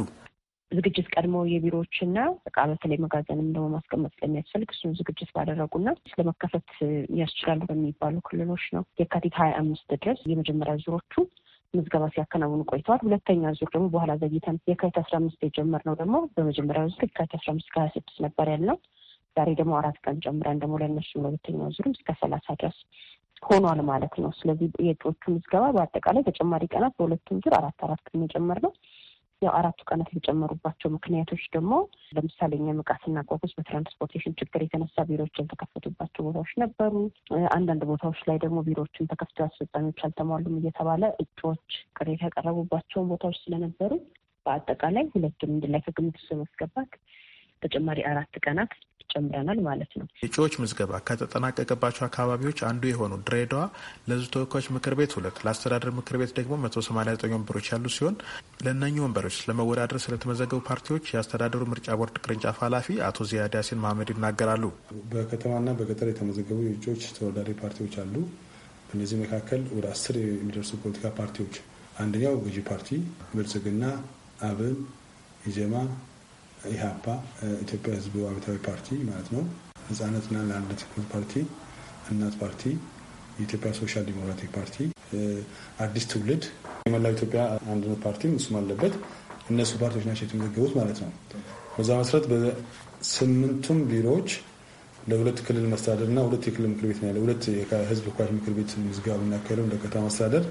L: ዝግጅት ቀድሞ የቢሮዎችና እቃ በተለይ መጋዘንም ደግሞ ማስቀመጥ ስለሚያስፈልግ እሱን ዝግጅት ባደረጉና ለመከፈት ያስችላሉ በሚባሉ ክልሎች ነው የካቲት ሀያ አምስት ድረስ የመጀመሪያ ዙሮቹ ምዝገባ ሲያከናውኑ ቆይተዋል። ሁለተኛ ዙር ደግሞ በኋላ ዘግይተን የካቲት አስራ አምስት የጀመርነው ደግሞ በመጀመሪያ ዙር የካቲት አስራ አምስት ከሀያ ስድስት ነበር ያለው። ዛሬ ደግሞ አራት ቀን ጨምረን ደግሞ ለእነሱ ለሁለተኛው ዙርም እስከ ሰላሳ ድረስ ሆኗል ማለት ነው። ስለዚህ የእጩዎቹ ምዝገባ በአጠቃላይ ተጨማሪ ቀናት በሁለቱም ዙር አራት አራት ቀን የጨመርነው ያው አራቱ ቀናት የተጨመሩባቸው ምክንያቶች ደግሞ ለምሳሌ እኛ መቃስና ጓጎስ በትራንስፖርቴሽን ችግር የተነሳ ቢሮዎች ያልተከፈቱባቸው ቦታዎች ነበሩ። አንዳንድ ቦታዎች ላይ ደግሞ ቢሮዎችን ተከፍተው አስፈጻሚዎች አልተሟሉም እየተባለ እጩዎች ቅሬታ ያቀረቡባቸውን ቦታዎች ስለነበሩ በአጠቃላይ ሁለቱም አንድ ላይ ከግምት ውስጥ በማስገባት ተጨማሪ አራት ቀናት ጨምረናል ማለት ነው።
K: እጩዎች ምዝገባ ከተጠናቀቀባቸው አካባቢዎች አንዱ የሆኑ ድሬዳዋ ለሕዝብ ተወካዮች ምክር ቤት ሁለት ለአስተዳደር ምክር ቤት ደግሞ መቶ ሰማኒያ ዘጠኝ ወንበሮች ያሉ ሲሆን ለእነኙ ወንበሮች ለመወዳደር ስለተመዘገቡ ፓርቲዎች የአስተዳደሩ ምርጫ ቦርድ ቅርንጫፍ ኃላፊ አቶ ዚያድ ያሲን መሀመድ ይናገራሉ። በከተማና በገጠር የተመዘገቡ የእጩዎች ተወዳዳሪ ፓርቲዎች አሉ። እነዚህ መካከል ወደ አስር የሚደርሱ ፖለቲካ ፓርቲዎች አንደኛው ገዢ ፓርቲ ብልጽግና፣ አብን፣ ኢዜማ ኢህአፓ ኢትዮጵያ ህዝብ አብዮታዊ ፓርቲ ማለት ነው፣ ህጻናትና ለአንድነት ህብረት ፓርቲ፣ እናት ፓርቲ፣ የኢትዮጵያ ሶሻል ዲሞክራቲክ ፓርቲ፣ አዲስ ትውልድ፣ የመላው ኢትዮጵያ አንድነት ፓርቲም እሱም አለበት። እነሱ ፓርቲዎች ናቸው የተመዘገቡት ማለት ነው። በዛ መሰረት በስምንቱም ቢሮዎች ለሁለት ክልል መስተዳደር እና ሁለት የክልል ምክር ቤት ነው ያለ ሁለት የህዝብ ኳሽ ምክር ቤት ምዝገባ የምናካሄደው እንደ ከተማ መስተዳደር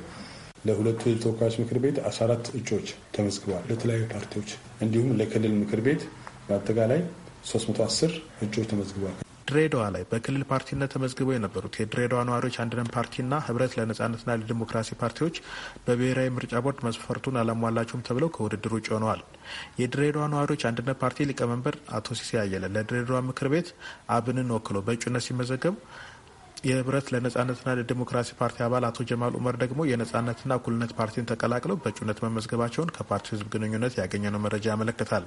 K: ለሁለቱ የተወካዮች ምክር ቤት 14 እጩዎች ተመዝግበዋል። ለተለያዩ ፓርቲዎች እንዲሁም ለክልል ምክር ቤት በአጠቃላይ 310 እጩዎች ተመዝግበዋል። ድሬዳዋ ላይ በክልል ፓርቲነት ተመዝግበው የነበሩት የድሬዳዋ ነዋሪዎች አንድነት ፓርቲና ህብረት ለነጻነትና ለዲሞክራሲ ፓርቲዎች በብሔራዊ ምርጫ ቦርድ መስፈርቱን አላሟላቸውም ተብለው ከውድድር ውጭ ሆነዋል። የድሬዳዋ ነዋሪዎች አንድነት ፓርቲ ሊቀመንበር አቶ ሲሴ አየለ ለድሬዳዋ ምክር ቤት አብንን ወክሎ በእጩነት ሲመዘገቡ የህብረት ለነጻነትና ለዲሞክራሲ ፓርቲ አባል አቶ ጀማል ኡመር ደግሞ የነጻነትና እኩልነት ፓርቲን ተቀላቅለው በእጩነት መመዝገባቸውን ከፓርቲው ህዝብ ግንኙነት ያገኘነው መረጃ ያመለክታል።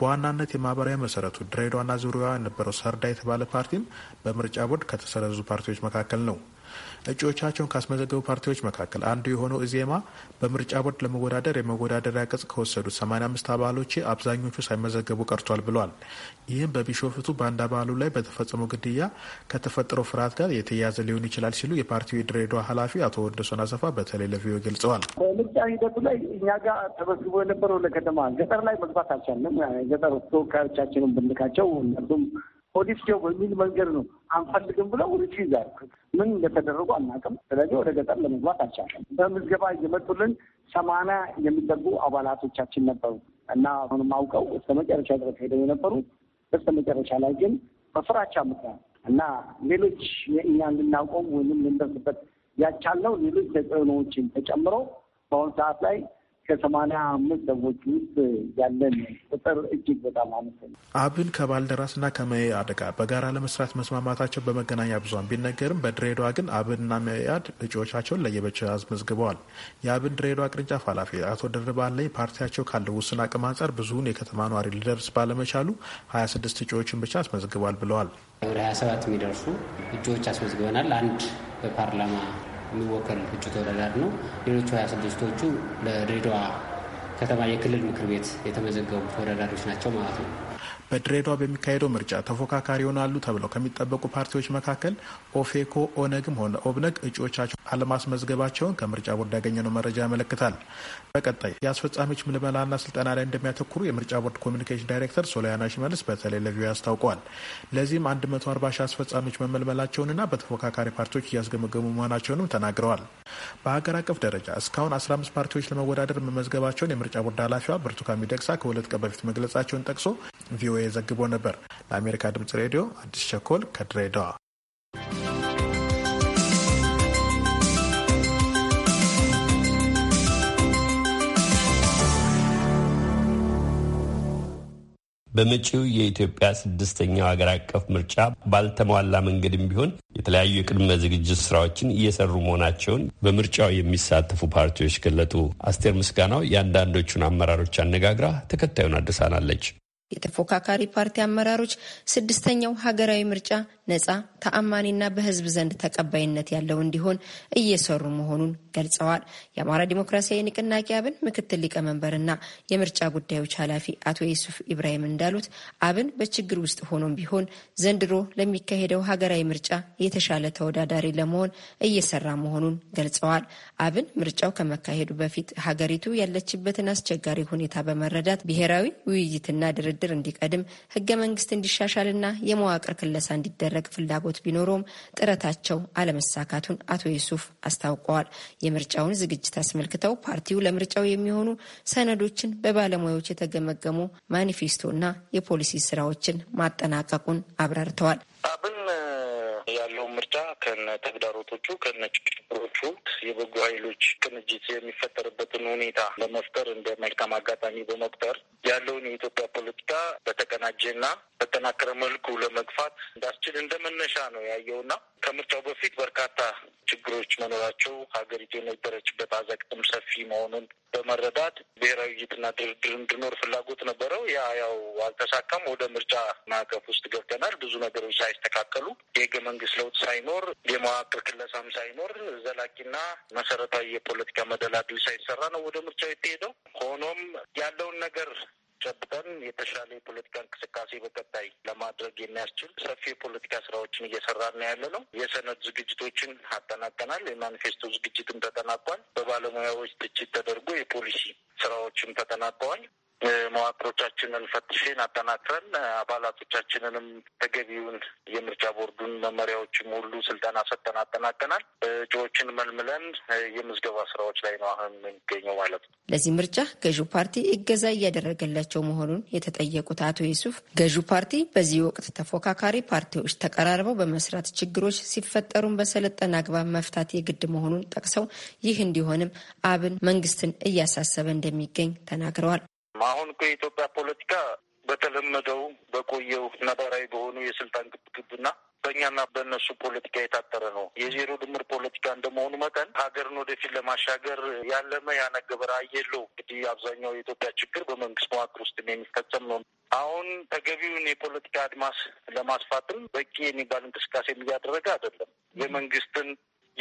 K: በዋናነት የማህበራዊ መሰረቱ ድሬዳዋና ዙሪያዋ የነበረው ሰርዳ የተባለ ፓርቲም በምርጫ ቦርድ ከተሰረዙ ፓርቲዎች መካከል ነው። እጩዎቻቸውን ካስመዘገቡ ፓርቲዎች መካከል አንዱ የሆነው ኢዜማ በምርጫ ቦርድ ለመወዳደር የመወዳደሪያ ገጽ ከወሰዱት 85 አባሎች አብዛኞቹ ሳይመዘገቡ ቀርቷል ብሏል። ይህም በቢሾፍቱ በአንድ አባሉ ላይ በተፈጸመው ግድያ ከተፈጠረው ፍርሃት ጋር የተያያዘ ሊሆን ይችላል ሲሉ የፓርቲው የድሬዳዋ ኃላፊ አቶ ወንደሶን አሰፋ በተለይ ለቪዮ ገልጸዋል።
I: በምርጫ ሂደቱ ላይ እኛ ጋር ተመዝግቦ የነበረው ለከተማ ገጠር ላይ መግባት አልቻለም። ገጠር ተወካዮቻችንን ብንካቸው እነሱም ፖሊስ ው በሚል መንገድ ነው አንፈልግም ብለው ውርጭ ይዛሉ። ምን እንደተደረጉ አናውቅም። ስለዚህ ወደ ገጠር ለመግባት አልቻለም። በምዝገባ እየመጡልን ሰማንያ የሚጠጉ አባላቶቻችን ነበሩ እና አሁንም አውቀው እስከ መጨረሻ ድረስ ሄደው የነበሩ በስተ መጨረሻ ላይ ግን በፍራቻ ምክንያት እና ሌሎች እኛ እንድናውቀው ወይም ልንደርስበት ያቻልነው ሌሎች ተጽዕኖዎችን ተጨምሮ በአሁኑ ሰዓት ላይ ከሰማንያ አምስት ሰዎች ውስጥ ያለን ቁጥር እጅግ በጣም አነስተኛ።
K: አብን ከባልደራስና ከመያድ ጋር በጋራ ለመስራት መስማማታቸው በመገናኛ ብዙኃን ቢነገርም በድሬዳዋ ግን አብንና መያድ እጩዎቻቸውን ለየብቻ አስመዝግበዋል። የአብን ድሬዳዋ ቅርንጫፍ ኃላፊ አቶ ደርባ ላይ ፓርቲያቸው ካለው ውስን አቅም አንጻር ብዙውን የከተማ ነዋሪ ሊደርስ ባለመቻሉ ሀያ ስድስት እጩዎችን ብቻ አስመዝግቧል ብለዋል። ወደ ሀያ ሰባት የሚደርሱ እጩዎች አስመዝግበናል። አንድ በፓርላማ የሚወከል እጩ ተወዳዳሪ ነው። ሌሎቹ 26ቶቹ ለድሬዳዋ ከተማ የክልል ምክር ቤት የተመዘገቡ ተወዳዳሪዎች ናቸው ማለት ነው። በድሬዳዋ በሚካሄደው ምርጫ ተፎካካሪ ይሆናሉ ተብለው ከሚጠበቁ ፓርቲዎች መካከል ኦፌኮ፣ ኦነግም ሆነ ኦብነግ እጩዎቻቸው አለማስመዝገባቸውን ከምርጫ ቦርድ ያገኘነው መረጃ ያመለክታል። በቀጣይ የአስፈጻሚዎች ምልመላና ስልጠና ላይ እንደሚያተኩሩ የምርጫ ቦርድ ኮሚኒኬሽን ዳይሬክተር ሶሊያና ሽመልስ በተለይ ለቪኦኤ አስታውቀዋል። ለዚህም 140 ሺህ አስፈጻሚዎች መመልመላቸውንና በተፎካካሪ ፓርቲዎች እያስገመገሙ መሆናቸውንም ተናግረዋል። በሀገር አቀፍ ደረጃ እስካሁን 15 ፓርቲዎች ለመወዳደር መመዝገባቸውን የምርጫ ቦርድ ኃላፊዋ ብርቱካን ሚደቅሳ ከሁለት ቀን በፊት መግለጻቸውን ጠቅሶ ቪኦኤ ዘግቦ ነበር። ለአሜሪካ ድምጽ ሬዲዮ አዲስ ቸኮል ከድሬዳዋ
A: በመጪው የኢትዮጵያ ስድስተኛው ሀገር አቀፍ ምርጫ ባልተሟላ መንገድም ቢሆን የተለያዩ የቅድመ ዝግጅት ስራዎችን እየሰሩ መሆናቸውን በምርጫው የሚሳተፉ ፓርቲዎች ገለጡ። አስቴር ምስጋናው የአንዳንዶቹን አመራሮች አነጋግራ ተከታዩን አድርሳናለች።
L: የተፎካካሪ ፓርቲ አመራሮች ስድስተኛው ሀገራዊ ምርጫ ነጻ ተአማኒና በህዝብ ዘንድ ተቀባይነት ያለው እንዲሆን እየሰሩ መሆኑን ገልጸዋል። የአማራ ዲሞክራሲያዊ ንቅናቄ አብን ምክትል ሊቀመንበርና የምርጫ ጉዳዮች ኃላፊ አቶ ዩሱፍ ኢብራሂም እንዳሉት አብን በችግር ውስጥ ሆኖም ቢሆን ዘንድሮ ለሚካሄደው ሀገራዊ ምርጫ የተሻለ ተወዳዳሪ ለመሆን እየሰራ መሆኑን ገልጸዋል። አብን ምርጫው ከመካሄዱ በፊት ሀገሪቱ ያለችበትን አስቸጋሪ ሁኔታ በመረዳት ብሔራዊ ውይይትና ድር ድርድር እንዲቀድም ህገ መንግስት እንዲሻሻልና የመዋቅር ክለሳ እንዲደረግ ፍላጎት ቢኖረውም ጥረታቸው አለመሳካቱን አቶ ዩሱፍ አስታውቀዋል። የምርጫውን ዝግጅት አስመልክተው ፓርቲው ለምርጫው የሚሆኑ ሰነዶችን በባለሙያዎች የተገመገሙ ማኒፌስቶና የፖሊሲ ስራዎችን ማጠናቀቁን አብራርተዋል። ያለውን ምርጫ
M: ከነ ተግዳሮቶቹ ከነ ችግሮቹ የበጎ ኃይሎች ቅንጅት የሚፈጠርበትን ሁኔታ ለመፍጠር እንደ መልካም አጋጣሚ በመቁጠር ያለውን የኢትዮጵያ ፖለቲካ በተቀናጀና በተጠናከረ መልኩ ለመግፋት እንዳስችል እንደ መነሻ ነው ያየውና ከምርጫው በፊት በርካታ ችግሮች መኖራቸው ሀገሪቱ የነበረችበት አዘቅጥም ሰፊ መሆኑን በመረዳት ብሔራዊ ውይይትና ድርድር እንዲኖር ፍላጎት ነበረው። ያ ያው አልተሳካም። ወደ ምርጫ ማዕቀፍ ውስጥ ገብተናል። ብዙ ነገሮች ሳይስተካከሉ የህገ መንግስት ለውጥ ሳይኖር የመዋቅር ክለሳም ሳይኖር ዘላቂና መሰረታዊ የፖለቲካ መደላድል ሳይሰራ ነው ወደ ምርጫ የተሄደው። ሆኖም ያለውን ነገር ጨብጠን የተሻለ የፖለቲካ እንቅስቃሴ በቀጣይ ለማድረግ የሚያስችል ሰፊ የፖለቲካ ስራዎችን እየሰራን ነው ያለ ነው። የሰነድ ዝግጅቶችን አጠናቀናል። የማኒፌስቶ ዝግጅትም ተጠናቋል። በባለሙያዎች ትችት ተደርጎ የፖሊሲ ስራዎችም ተጠናቀዋል። መዋቅሮቻችንን ፈትሽን አጠናክረን አባላቶቻችንንም ተገቢውን የምርጫ ቦርዱን መመሪያዎችም ሁሉ ስልጠና ሰጠን አጠናቀናል። እጩዎችን መልምለን የምዝገባ ስራዎች ላይ ነው አሁን የምንገኘው ማለት ነው።
L: ለዚህ ምርጫ ገዢው ፓርቲ እገዛ እያደረገላቸው መሆኑን የተጠየቁት አቶ ዩሱፍ ገዢው ፓርቲ በዚህ ወቅት ተፎካካሪ ፓርቲዎች ተቀራርበው በመስራት ችግሮች ሲፈጠሩን በሰለጠነ አግባብ መፍታት የግድ መሆኑን ጠቅሰው ይህ እንዲሆንም አብን መንግስትን እያሳሰበ እንደሚገኝ ተናግረዋል። አሁን እኮ የኢትዮጵያ ፖለቲካ በተለመደው
M: በቆየው ነባራዊ በሆኑ የስልጣን ግብግብና በእኛና በእነሱ ፖለቲካ የታጠረ ነው። የዜሮ ድምር ፖለቲካ እንደመሆኑ መጠን ሀገርን ወደፊት ለማሻገር ያለመ ያነገበ ራዕይ እንግዲህ አብዛኛው የኢትዮጵያ ችግር በመንግስት መዋቅር ውስጥ የሚፈጸም ነው። አሁን ተገቢውን የፖለቲካ አድማስ ለማስፋትም በቂ የሚባል እንቅስቃሴ እያደረገ አይደለም። የመንግስትን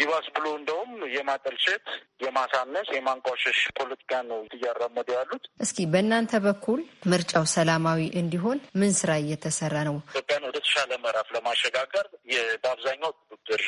M: ይባስ ብሎ እንደውም የማጠልሸት፣ የማሳነስ፣ የማንቋሸሽ ፖለቲካ ነው እያራመዱ ያሉት።
L: እስኪ በእናንተ በኩል ምርጫው ሰላማዊ እንዲሆን ምን ስራ እየተሰራ ነው? ኢትዮጵያን ወደ ተሻለ ምዕራፍ ለማሸጋገር በአብዛኛው
M: ትብብር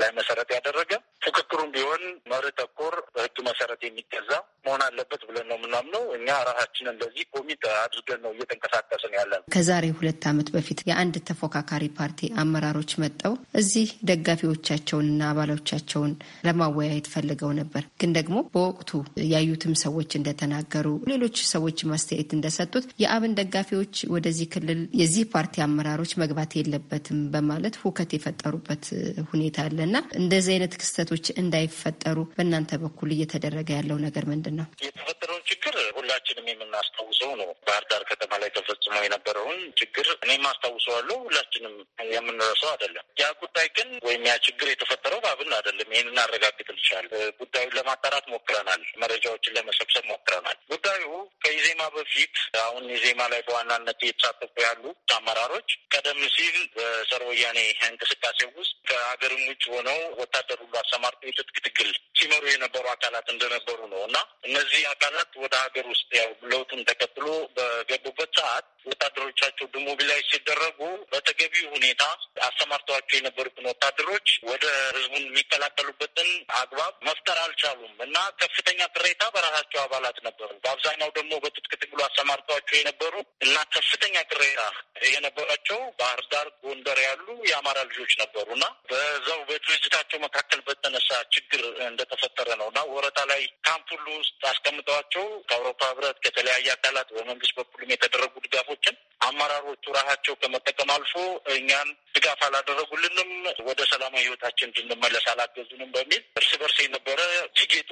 M: ላይ መሰረት ያደረገ ፉክክሩም ቢሆን መርህ ተኮር በህግ መሰረት የሚገዛ መሆን አለበት ብለን ነው የምናምነው። እኛ ራሳችንን
L: ለዚህ ኮሚት አድርገን ነው እየተንቀሳቀስን ያለን። ከዛሬ ሁለት ዓመት በፊት የአንድ ተፎካካሪ ፓርቲ አመራሮች መጠው እዚህ ደጋፊዎቻቸውንና አባሎ ባለሙያዎቻቸውን ለማወያየት ፈልገው ነበር። ግን ደግሞ በወቅቱ ያዩትም ሰዎች እንደተናገሩ፣ ሌሎች ሰዎች ማስተያየት እንደሰጡት የአብን ደጋፊዎች ወደዚህ ክልል የዚህ ፓርቲ አመራሮች መግባት የለበትም በማለት ሁከት የፈጠሩበት ሁኔታ አለ እና እንደዚህ አይነት ክስተቶች እንዳይፈጠሩ በእናንተ በኩል እየተደረገ ያለው ነገር ምንድን ነው? የተፈጠረውን ችግር ሁላችንም የምናስታውሰው
M: ነው። ባህር ዳር ከተማ ላይ ተፈጽሞ የነበረውን ችግር እኔም አስታውሰዋለሁ። ሁላችንም የምንረሰው አይደለም። ያ ጉዳይ ግን ወይም ያ ችግር የተፈጠረው በአብን ምናምን አይደለም። ይህን ልቻል ጉዳዩን ለማጣራት ሞክረናል። መረጃዎችን ለመሰብሰብ ሞክረናል። ጉዳዩ ከኢዜማ በፊት አሁን ኢዜማ ላይ በዋናነት እየተሳተፉ ያሉ አመራሮች ቀደም ሲል በጸረ ወያኔ እንቅስቃሴ ውስጥ ከሀገርም ውጭ ሆነው ወታደር ሁሉ አሰማርተው የትጥቅ ትግል ሲመሩ የነበሩ አካላት እንደነበሩ ነው እና እነዚህ አካላት ወደ ሀገር ውስጥ ያው ለውጡን ተከትሎ በገቡበት ሰዓት ወታደሮቻቸው ድሞቢላይ ሲደረጉ በተገቢው ሁኔታ አሰማርተዋቸው የነበሩትን ወታደሮች ወደ ህዝቡን የሚቀላቀሉበትን አግባብ መፍጠር አልቻሉም እና ከፍተኛ ቅሬታ በራሳቸው አባላት ነበሩ። በአብዛኛው ደግሞ በትጥቅ ትግሉ አሰማርተዋቸው የነበሩ እና ከፍተኛ ቅሬታ የነበራቸው ባህር ዳር፣ ጎንደር ያሉ የአማራ ልጆች ነበሩ እና በዛው በድርጅታቸው መካከል በተነሳ ችግር እንደተፈጠረ ነው እና ወረታ ላይ ካምፕ ሁሉ ውስጥ አስቀምጠዋቸው ከአውሮፓ ህብረት ከተለያየ አካላት በመንግስት በኩልም የተደረጉ ድጋፎችን አመራሮቹ ራሳቸው ከመጠቀም አልፎ እኛን ድጋፍ አላደረጉልንም፣ ወደ ሰላማዊ ህይወታችን እንድንመለስ አላገዙንም በሚል እርስ በርስ የነበረ ጅጌጦ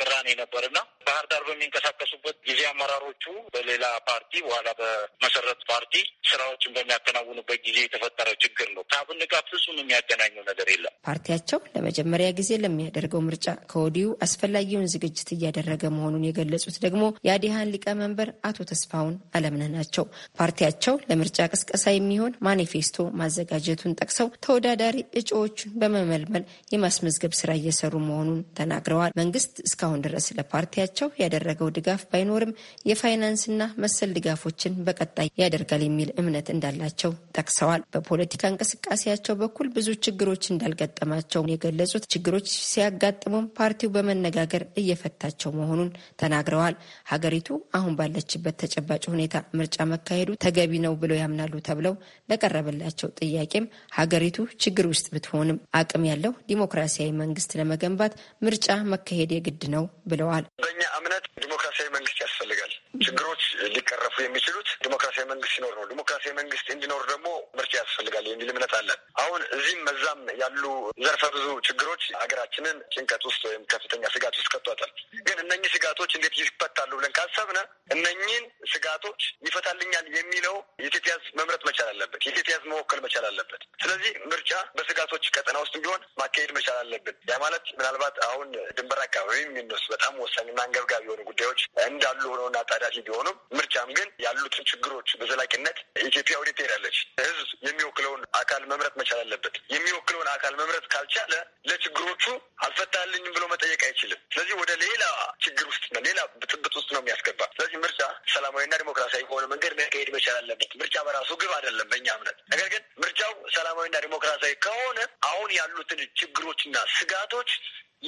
M: ቅራኔ ነበር እና ባህር ዳር በሚንቀሳቀሱበት ጊዜ አመራሮቹ በሌላ ፓርቲ በኋላ በመሰረት ፓርቲ ስራዎችን በሚያከናውኑበት ጊዜ የተፈጠረ ችግር ነው። ከአብን ጋር ፍጹም
L: የሚያገናኘው ነገር የለም። ፓርቲያቸው ለመጀመሪያ ጊዜ ለሚያደርገው ምርጫ ከወዲሁ አስፈላጊውን ዝግጅት እያደረገ መሆኑን የገለጹት ደግሞ የአዲሃን ሊቀመንበር አቶ ተስፋውን አለምነ ናቸው። ፓርቲያቸው ለምርጫ ቅስቀሳ የሚሆን ማኒፌስቶ ማዘጋጀቱን ጠቅሰው ተወዳዳሪ እጩዎቹን በመመልመል የማስመዝገብ ስራ እየሰሩ መሆኑን ተናግረዋል። መንግስት እስካሁን ድረስ ለፓርቲያቸው ያደረገው ድጋፍ ባይኖርም የፋይናንስና መሰል ድጋፎችን በቀጣይ ያደርጋል የሚል እምነት እንዳላቸው ጠቅሰዋል። በፖለቲካ እንቅስቃሴያቸው በኩል ብዙ ችግሮች እንዳልገጠማቸው የገለጹት ችግሮች ሲያጋጥሙም ፓርቲው በመነጋገር እየፈታቸው መሆኑን ተናግረዋል። ሀገሪቱ አሁን ባለችበት ተጨባጭ ሁኔታ ምርጫ መካሄዱ ተገቢ ነው ብለው ያምናሉ ተብለው ለቀረበላቸው ጥያቄም ሀገሪቱ ችግር ውስጥ ብትሆንም አቅም ያለው ዲሞክራሲያዊ መንግስት ለመገንባት ምርጫ መካሄድ የግድ ነው ብለዋል። በእኛ እምነት ዲሞክራሲያዊ መንግስት ያስፈልጋል። Gracias. ችግሮች ሊቀረፉ የሚችሉት
N: ዲሞክራሲያዊ መንግስት ሲኖር ነው። ዲሞክራሲያዊ መንግስት እንዲኖር ደግሞ ምርጫ ያስፈልጋል የሚል እምነት አለን። አሁን እዚህም መዛም ያሉ ዘርፈ ብዙ ችግሮች ሀገራችንን ጭንቀት ውስጥ ወይም ከፍተኛ ስጋት ውስጥ ከቷታል። ግን እነኚህ ስጋቶች እንዴት ይፈታሉ ብለን ካሰብነ እነኚህን ስጋቶች ይፈታልኛል የሚለው የኢትዮጵያ ህዝብ መምረጥ መቻል አለበት። የኢትዮጵያ ህዝብ መወከል መቻል አለበት። ስለዚህ ምርጫ በስጋቶች ቀጠና ውስጥ ቢሆን ማካሄድ መቻል አለብን። ያ ማለት ምናልባት አሁን ድንበር አካባቢ የሚነሱ በጣም ወሳኝና አንገብጋቢ የሆኑ ጉዳዮች እንዳሉ ሆነውና አዳጊ ቢሆኑም ምርጫም ግን ያሉትን ችግሮች በዘላቂነት ኢትዮጵያ ወዴት ትሄዳለች? ህዝብ የሚወክለውን አካል መምረጥ መቻል አለበት። የሚወክለውን አካል መምረጥ ካልቻለ ለችግሮቹ አልፈታልኝም ብሎ መጠየቅ አይችልም። ስለዚህ ወደ ሌላ ችግር ውስጥ ሌላ ብጥብጥ ውስጥ ነው የሚያስገባ። ስለዚህ ምርጫ ሰላማዊና ዲሞክራሲያዊ ከሆነ መንገድ መካሄድ መቻል አለበት። ምርጫ በራሱ ግብ አይደለም በእኛ እምነት። ነገር ግን ምርጫው ሰላማዊና ዲሞክራሲያዊ ከሆነ አሁን ያሉትን ችግሮችና ስጋቶች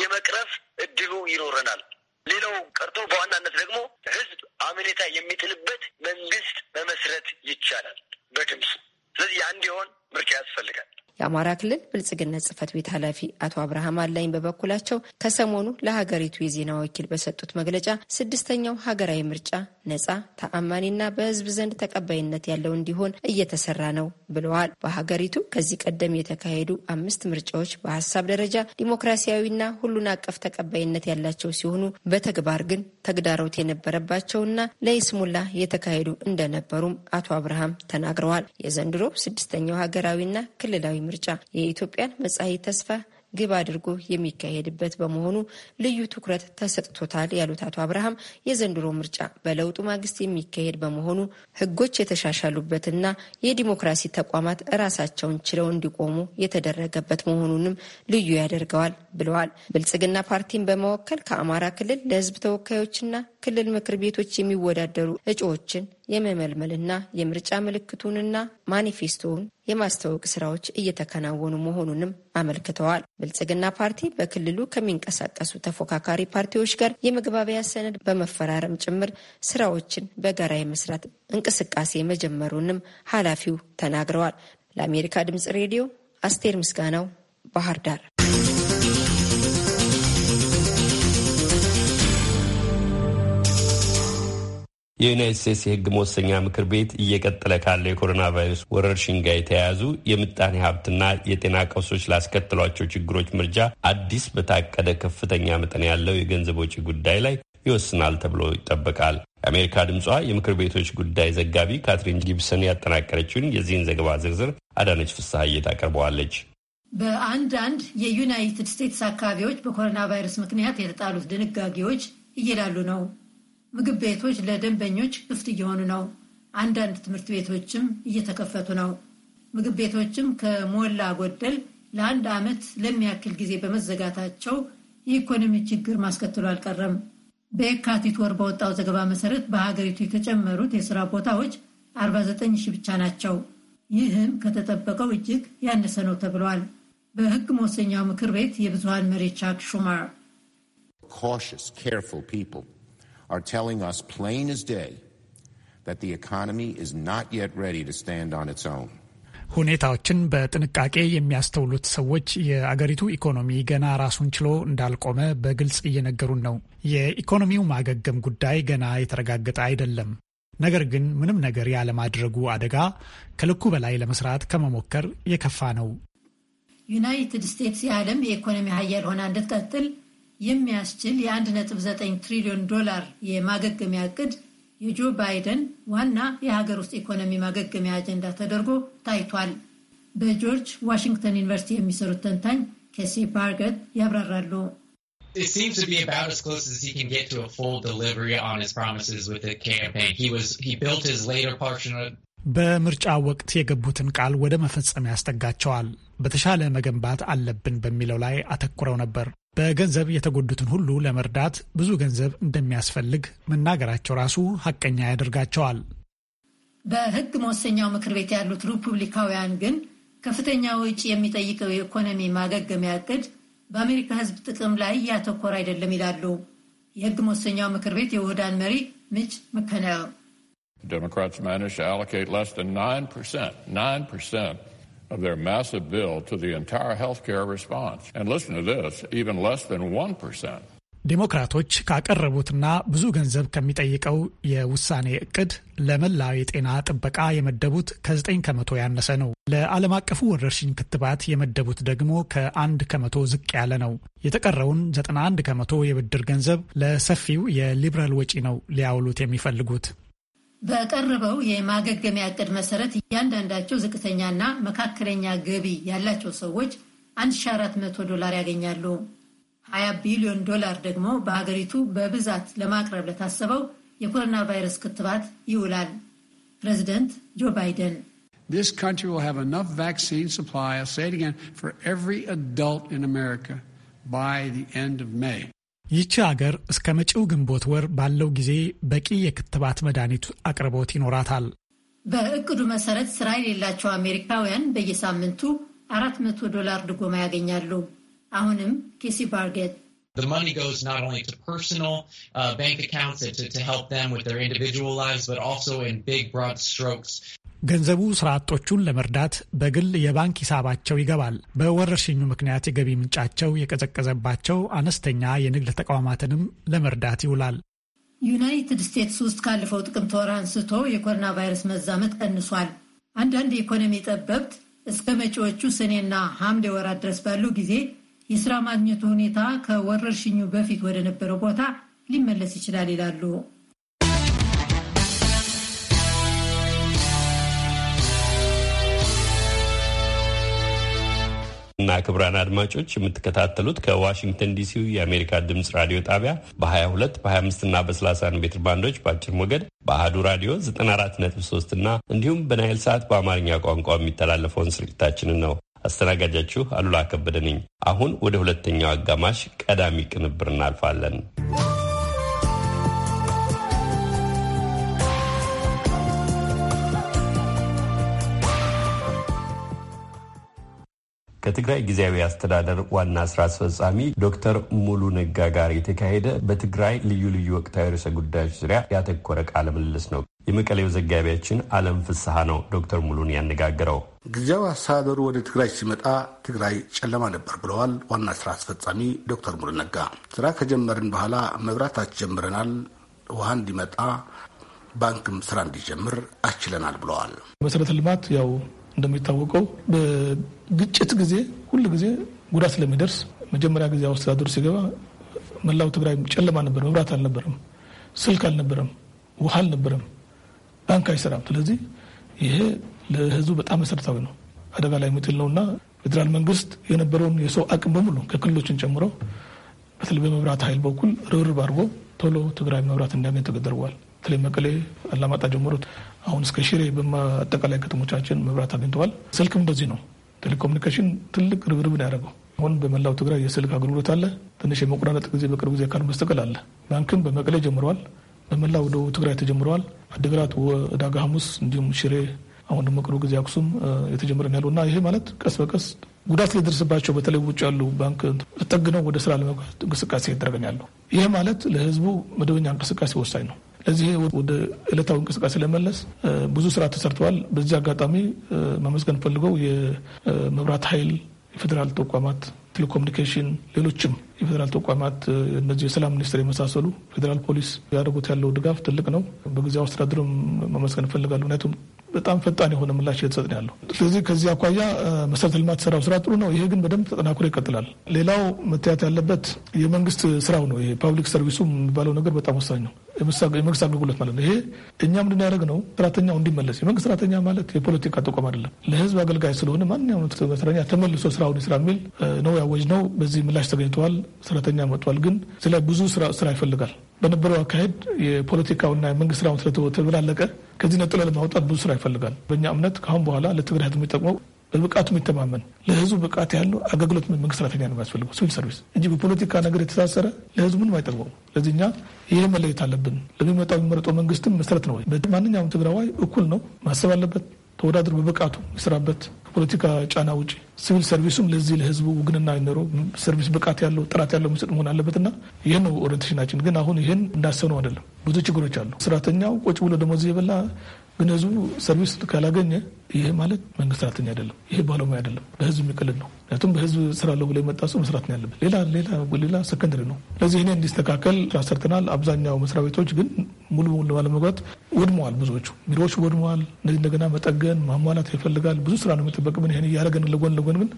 N: የመቅረፍ እድሉ ይኖረናል። ሌላው ቀርቶ በዋናነት ደግሞ ህዝብ አመኔታ የሚጥልበት መንግስት መመስረት ይቻላል በድምፅ። ስለዚህ አንድ የሆን ምርጫ ያስፈልጋል።
L: የአማራ ክልል ብልጽግነት ጽህፈት ቤት ኃላፊ አቶ አብርሃም አላኝ በበኩላቸው ከሰሞኑ ለሀገሪቱ የዜና ወኪል በሰጡት መግለጫ ስድስተኛው ሀገራዊ ምርጫ ነጻ፣ ተአማኒና በህዝብ ዘንድ ተቀባይነት ያለው እንዲሆን እየተሰራ ነው ብለዋል። በሀገሪቱ ከዚህ ቀደም የተካሄዱ አምስት ምርጫዎች በሀሳብ ደረጃ ዲሞክራሲያዊና ሁሉን አቀፍ ተቀባይነት ያላቸው ሲሆኑ በተግባር ግን ተግዳሮት የነበረባቸውና ለይስሙላ የተካሄዱ እንደነበሩም አቶ አብርሃም ተናግረዋል። የዘንድሮ ስድስተኛው ሀገራዊና ክልላዊ ምርጫ የኢትዮጵያን መጻኢ ተስፋ ግብ አድርጎ የሚካሄድበት በመሆኑ ልዩ ትኩረት ተሰጥቶታል ያሉት አቶ አብርሃም የዘንድሮ ምርጫ በለውጡ ማግስት የሚካሄድ በመሆኑ ሕጎች የተሻሻሉበትና የዲሞክራሲ ተቋማት ራሳቸውን ችለው እንዲቆሙ የተደረገበት መሆኑንም ልዩ ያደርገዋል ብለዋል። ብልጽግና ፓርቲን በመወከል ከአማራ ክልል ለሕዝብ ተወካዮችና ክልል ምክር ቤቶች የሚወዳደሩ እጩዎችን የመመልመልና የምርጫ ምልክቱንና ማኒፌስቶውን የማስተዋወቅ ስራዎች እየተከናወኑ መሆኑንም አመልክተዋል። ብልጽግና ፓርቲ በክልሉ ከሚንቀሳቀሱ ተፎካካሪ ፓርቲዎች ጋር የመግባቢያ ሰነድ በመፈራረም ጭምር ስራዎችን በጋራ የመስራት እንቅስቃሴ መጀመሩንም ኃላፊው ተናግረዋል። ለአሜሪካ ድምጽ ሬዲዮ አስቴር ምስጋናው ባህር ዳር
A: የዩናይት ስቴትስ የህግ መወሰኛ ምክር ቤት እየቀጠለ ካለው የኮሮና ቫይረስ ወረርሽኝ ጋር የተያያዙ የምጣኔ ሀብትና የጤና ቀውሶች ላስከትሏቸው ችግሮች ምርጃ አዲስ በታቀደ ከፍተኛ መጠን ያለው የገንዘብ ወጪ ጉዳይ ላይ ይወስናል ተብሎ ይጠበቃል። የአሜሪካ ድምጿ የምክር ቤቶች ጉዳይ ዘጋቢ ካትሪን ጊብሰን ያጠናቀረችውን የዚህን ዘገባ ዝርዝር አዳነች ፍስሐዬ ታቀርበዋለች።
O: በአንዳንድ የዩናይትድ ስቴትስ አካባቢዎች በኮሮና ቫይረስ ምክንያት የተጣሉት ድንጋጌዎች እየላሉ ነው። ምግብ ቤቶች ለደንበኞች ክፍት እየሆኑ ነው። አንዳንድ ትምህርት ቤቶችም እየተከፈቱ ነው። ምግብ ቤቶችም ከሞላ ጎደል ለአንድ ዓመት ለሚያክል ጊዜ በመዘጋታቸው የኢኮኖሚ ችግር ማስከተሉ አልቀረም። በየካቲት ወር በወጣው ዘገባ መሰረት በሀገሪቱ የተጨመሩት የስራ ቦታዎች 49 ሺህ ብቻ ናቸው። ይህም ከተጠበቀው እጅግ ያነሰ ነው ተብሏል። በሕግ መወሰኛው ምክር ቤት የብዙሃን መሪ ቻክ ሹማር
F: are telling us plain as day that the economy is not yet ready to stand on its own.
P: ሁኔታዎችን በጥንቃቄ የሚያስተውሉት ሰዎች የአገሪቱ ኢኮኖሚ ገና ራሱን ችሎ እንዳልቆመ በግልጽ እየነገሩን ነው። የኢኮኖሚው ማገገም ጉዳይ ገና የተረጋገጠ አይደለም። ነገር ግን ምንም ነገር ያለማድረጉ አደጋ ከልኩ በላይ ለመስራት ከመሞከር የከፋ ነው።
O: ዩናይትድ ስቴትስ የዓለም የኢኮኖሚ ሀያል ሆና እንድትቀጥል የሚያስችል የ1.9 ትሪሊዮን ዶላር የማገገሚያ እቅድ የጆ ባይደን ዋና የሀገር ውስጥ ኢኮኖሚ ማገገሚያ አጀንዳ ተደርጎ ታይቷል። በጆርጅ ዋሽንግተን ዩኒቨርሲቲ የሚሰሩት ተንታኝ ኬሲ ባርገት ያብራራሉ።
P: በምርጫ ወቅት የገቡትን ቃል ወደ መፈጸም ያስጠጋቸዋል። በተሻለ መገንባት አለብን በሚለው ላይ አተኩረው ነበር። በገንዘብ የተጎዱትን ሁሉ ለመርዳት ብዙ ገንዘብ እንደሚያስፈልግ መናገራቸው ራሱ ሀቀኛ ያደርጋቸዋል።
O: በሕግ መወሰኛው ምክር ቤት ያሉት ሪፑብሊካውያን ግን ከፍተኛ ወጪ የሚጠይቀው የኢኮኖሚ ማገገሚያ እቅድ በአሜሪካ ሕዝብ ጥቅም ላይ ያተኮረ አይደለም ይላሉ። የሕግ መወሰኛው ምክር ቤት የውህዳን መሪ ምጭ መኮኔል
A: Democrats managed to allocate less than 9%, 9% of their massive bill to the entire health care response. And listen to this, even less than 1%.
P: ዴሞክራቶች ካቀረቡትና ብዙ ገንዘብ ከሚጠይቀው የውሳኔ እቅድ ለመላው የጤና ጥበቃ የመደቡት ከ9 ከመቶ ያነሰ ነው። ለዓለም አቀፉ ወረርሽኝ ክትባት የመደቡት ደግሞ ከአንድ ከመቶ ዝቅ ያለ ነው። የተቀረውን 91 ከመቶ የብድር ገንዘብ ለሰፊው የሊበራል ወጪ ነው ሊያውሉት የሚፈልጉት።
O: በቀረበው የማገገሚያ እቅድ መሰረት እያንዳንዳቸው ዝቅተኛና መካከለኛ ገቢ ያላቸው ሰዎች 1400 ዶላር ያገኛሉ። 20 ቢሊዮን ዶላር ደግሞ በሀገሪቱ በብዛት ለማቅረብ ለታሰበው የኮሮና ቫይረስ ክትባት ይውላል። ፕሬዚደንት ጆ ባይደን
F: This country will have enough vaccine supply, I'll say it again, for every adult in America by the end of May.
P: ይቺ ሀገር እስከ መጪው ግንቦት ወር ባለው ጊዜ በቂ የክትባት መድኃኒት አቅርቦት ይኖራታል።
O: በእቅዱ መሰረት ስራ የሌላቸው አሜሪካውያን በየሳምንቱ 400 ዶላር ድጎማ ያገኛሉ። አሁንም ኬሲ ባርጌት
F: The money goes not only to personal uh, bank accounts to, to help them with their individual lives, but also in big, broad strokes
P: ገንዘቡ ስራ አጦቹን ለመርዳት በግል የባንክ ሂሳባቸው ይገባል። በወረርሽኙ ምክንያት የገቢ ምንጫቸው የቀዘቀዘባቸው አነስተኛ የንግድ ተቋማትንም ለመርዳት ይውላል።
O: ዩናይትድ ስቴትስ ውስጥ ካለፈው ጥቅምት ወር አንስቶ የኮሮና ቫይረስ መዛመት ቀንሷል። አንዳንድ የኢኮኖሚ ጠበብት እስከ መጪዎቹ ሰኔና ሐምሌ ወራት ድረስ ባለው ጊዜ የስራ ማግኘቱ ሁኔታ ከወረርሽኙ በፊት ወደ ነበረው ቦታ ሊመለስ ይችላል ይላሉ።
A: እና ክቡራን አድማጮች የምትከታተሉት ከዋሽንግተን ዲሲው የአሜሪካ ድምፅ ራዲዮ ጣቢያ በ22 በ25 እና በ31 ሜትር ባንዶች በአጭር ሞገድ በአህዱ ራዲዮ 94.3 እና እንዲሁም በናይል ሰዓት በአማርኛ ቋንቋ የሚተላለፈውን ስርጭታችንን ነው። አስተናጋጃችሁ አሉላ ከበደ ነኝ። አሁን ወደ ሁለተኛው አጋማሽ ቀዳሚ ቅንብር እናልፋለን። ከትግራይ ጊዜያዊ አስተዳደር ዋና ስራ አስፈጻሚ ዶክተር ሙሉ ነጋ ጋር የተካሄደ በትግራይ ልዩ ልዩ ወቅታዊ ርዕሰ ጉዳዮች ዙሪያ ያተኮረ ቃለ ምልልስ ነው። የመቀሌው ዘጋቢያችን አለም ፍስሐ ነው ዶክተር ሙሉን ያነጋግረው።
J: ጊዜያዊ አስተዳደሩ ወደ ትግራይ ሲመጣ ትግራይ ጨለማ ነበር ብለዋል ዋና ስራ አስፈጻሚ ዶክተር ሙሉ ነጋ። ስራ ከጀመርን በኋላ መብራት አስጀምረናል፣ ውሃ እንዲመጣ ባንክም ስራ እንዲጀምር አስችለናል ብለዋል።
Q: መሰረተ ልማት ያው እንደሚታወቀው በግጭት ጊዜ ሁል ጊዜ ጉዳት ስለሚደርስ መጀመሪያ ጊዜ አስተዳደሩ ሲገባ መላው ትግራይ ጨለማ ነበር። መብራት አልነበረም፣ ስልክ አልነበረም፣ ውሃ አልነበረም፣ ባንክ አይሰራም። ስለዚህ ይሄ ለህዝቡ በጣም መሰረታዊ ነው፣ አደጋ ላይ የሚጥል ነው እና ፌዴራል መንግስት የነበረውን የሰው አቅም በሙሉ ከክልሎችን ጨምሮ በተለይ በመብራት ኃይል በኩል ርብርብ አድርጎ ቶሎ ትግራይ መብራት እንዲያገኝ ተደርጓል። በተለይ መቀሌ፣ አላማጣ ጀምሮ አሁን እስከ ሽሬ በአጠቃላይ ከተሞቻችን መብራት አግኝተዋል። ስልክም እንደዚህ ነው። ቴሌኮሙኒኬሽን ትልቅ ርብርብን ያደረገው አሁን በመላው ትግራይ የስልክ አገልግሎት አለ። ትንሽ የመቆራረጥ ጊዜ በቅርብ ጊዜ ካሉ መስተቀል አለ። ባንክም በመቀሌ ጀምረዋል። በመላው ደቡብ ትግራይ ተጀምረዋል። አድግራት፣ ዳጋ ሐሙስ፣ እንዲሁም ሽሬ አሁን ደግሞ ቅርብ ጊዜ አክሱም የተጀመረ ያሉ እና ይሄ ማለት ቀስ በቀስ ጉዳት ሊደርስባቸው በተለይ ውጭ ያሉ ባንክ ተጠግነው ወደ ስራ ለመግባት እንቅስቃሴ ይደረገኛሉ። ይህ ማለት ለህዝቡ መደበኛ እንቅስቃሴ ወሳኝ ነው። ለዚህ ወደ ዕለታዊ እንቅስቃሴ ለመለስ ብዙ ስራ ተሰርተዋል። በዚህ አጋጣሚ መመስገን ፈልገው የመብራት ኃይል የፌዴራል ተቋማት ቴሌኮሙኒኬሽን፣ ሌሎችም የፌዴራል ተቋማት እነዚህ የሰላም ሚኒስትር የመሳሰሉ ፌዴራል ፖሊስ ያደርጉት ያለው ድጋፍ ትልቅ ነው። በጊዜያዊ አስተዳደሩም መመስገን እፈልጋለሁ። ምክንያቱም በጣም ፈጣን የሆነ ምላሽ እየተሰጠ ነው ያለው። ስለዚህ ከዚህ አኳያ መሰረተ ልማት ስራው ስራ ጥሩ ነው። ይሄ ግን በደንብ ተጠናክሮ ይቀጥላል። ሌላው መታየት ያለበት የመንግስት ስራው ነው። ይሄ ፓብሊክ ሰርቪሱ የሚባለው ነገር በጣም ወሳኝ ነው። የመንግስት አገልግሎት ማለት ነው። ይሄ እኛ ምንድን ያደረግ ነው ሰራተኛው እንዲመለስ። የመንግስት ሰራተኛ ማለት የፖለቲካ ተቋም አይደለም፣ ለህዝብ አገልጋይ ስለሆነ ማንኛውም ሰራተኛ ተመልሶ ስራውን ስራ የሚል ነው ያወጅ ነው። በዚህ ምላሽ ተገኝተዋል። ሰራተኛ መጥቷል። ግን ስለ ብዙ ስራ ይፈልጋል። በነበረው አካሄድ የፖለቲካውና የመንግስት ስራውን ስለተበላለቀ ከዚህ ነጥሎ ለማውጣት ብዙ ስራ ይፈልጋል። በእኛ እምነት ከአሁን በኋላ ለትግራይ ህዝብ የሚጠቅመው በብቃቱ የሚተማመን ለህዝቡ ብቃት ያለው አገልግሎት መንግስት ሰራተኛ ነው የሚያስፈልገው፣ ሲቪል ሰርቪስ እንጂ በፖለቲካ ነገር የተሳሰረ ለህዝቡ ምንም አይጠቅመው። ስለዚህ እኛ ይህ መለየት አለብን። ለሚመጣው የሚመረጠው መንግስትም መሰረት ነው። ማንኛውም ትግራዋይ እኩል ነው ማሰብ አለበት። ተወዳድሮ በብቃቱ ይስራበት። ፖለቲካ ጫና ውጭ ሲቪል ሰርቪሱም ለዚህ ለህዝቡ ውግንና ይኖረው ሰርቪስ ብቃት ያለው ጥራት ያለው መሰጥ መሆን አለበትና ይህ ነው ኦሪንቴሽናችን። ግን አሁን ይህን እንዳሰነው አይደለም። ብዙ ችግሮች አሉ። ሰራተኛው ቁጭ ብሎ ደሞዝ የበላ ግን ህዝቡ ሰርቪስ ካላገኘ ይህ ማለት መንግስት ሰራተኛ አይደለም። ይህ ባለሙያ አይደለም። በህዝብ የሚቀልድ ነው። ምክንያቱም በህዝብ ስራለሁ ብሎ የመጣ ሰው መስራት ነው ያለበት። ሌላ ሌላ ሌላ ሰከንድሪ ነው። ስለዚህ እኔ እንዲስተካከል ሰርተናል። አብዛኛው መስሪያ ቤቶች ግን ሙሉ በሙሉ ለማለመግባት ወድመዋል። ብዙዎቹ ቢሮዎች ወድመዋል። እነዚህ እንደገና መጠገን ማሟላት ይፈልጋል። ብዙ ስራ ነው የሚጠበቅብን። ይህን እያደረገን ለጎን ለጎን ግን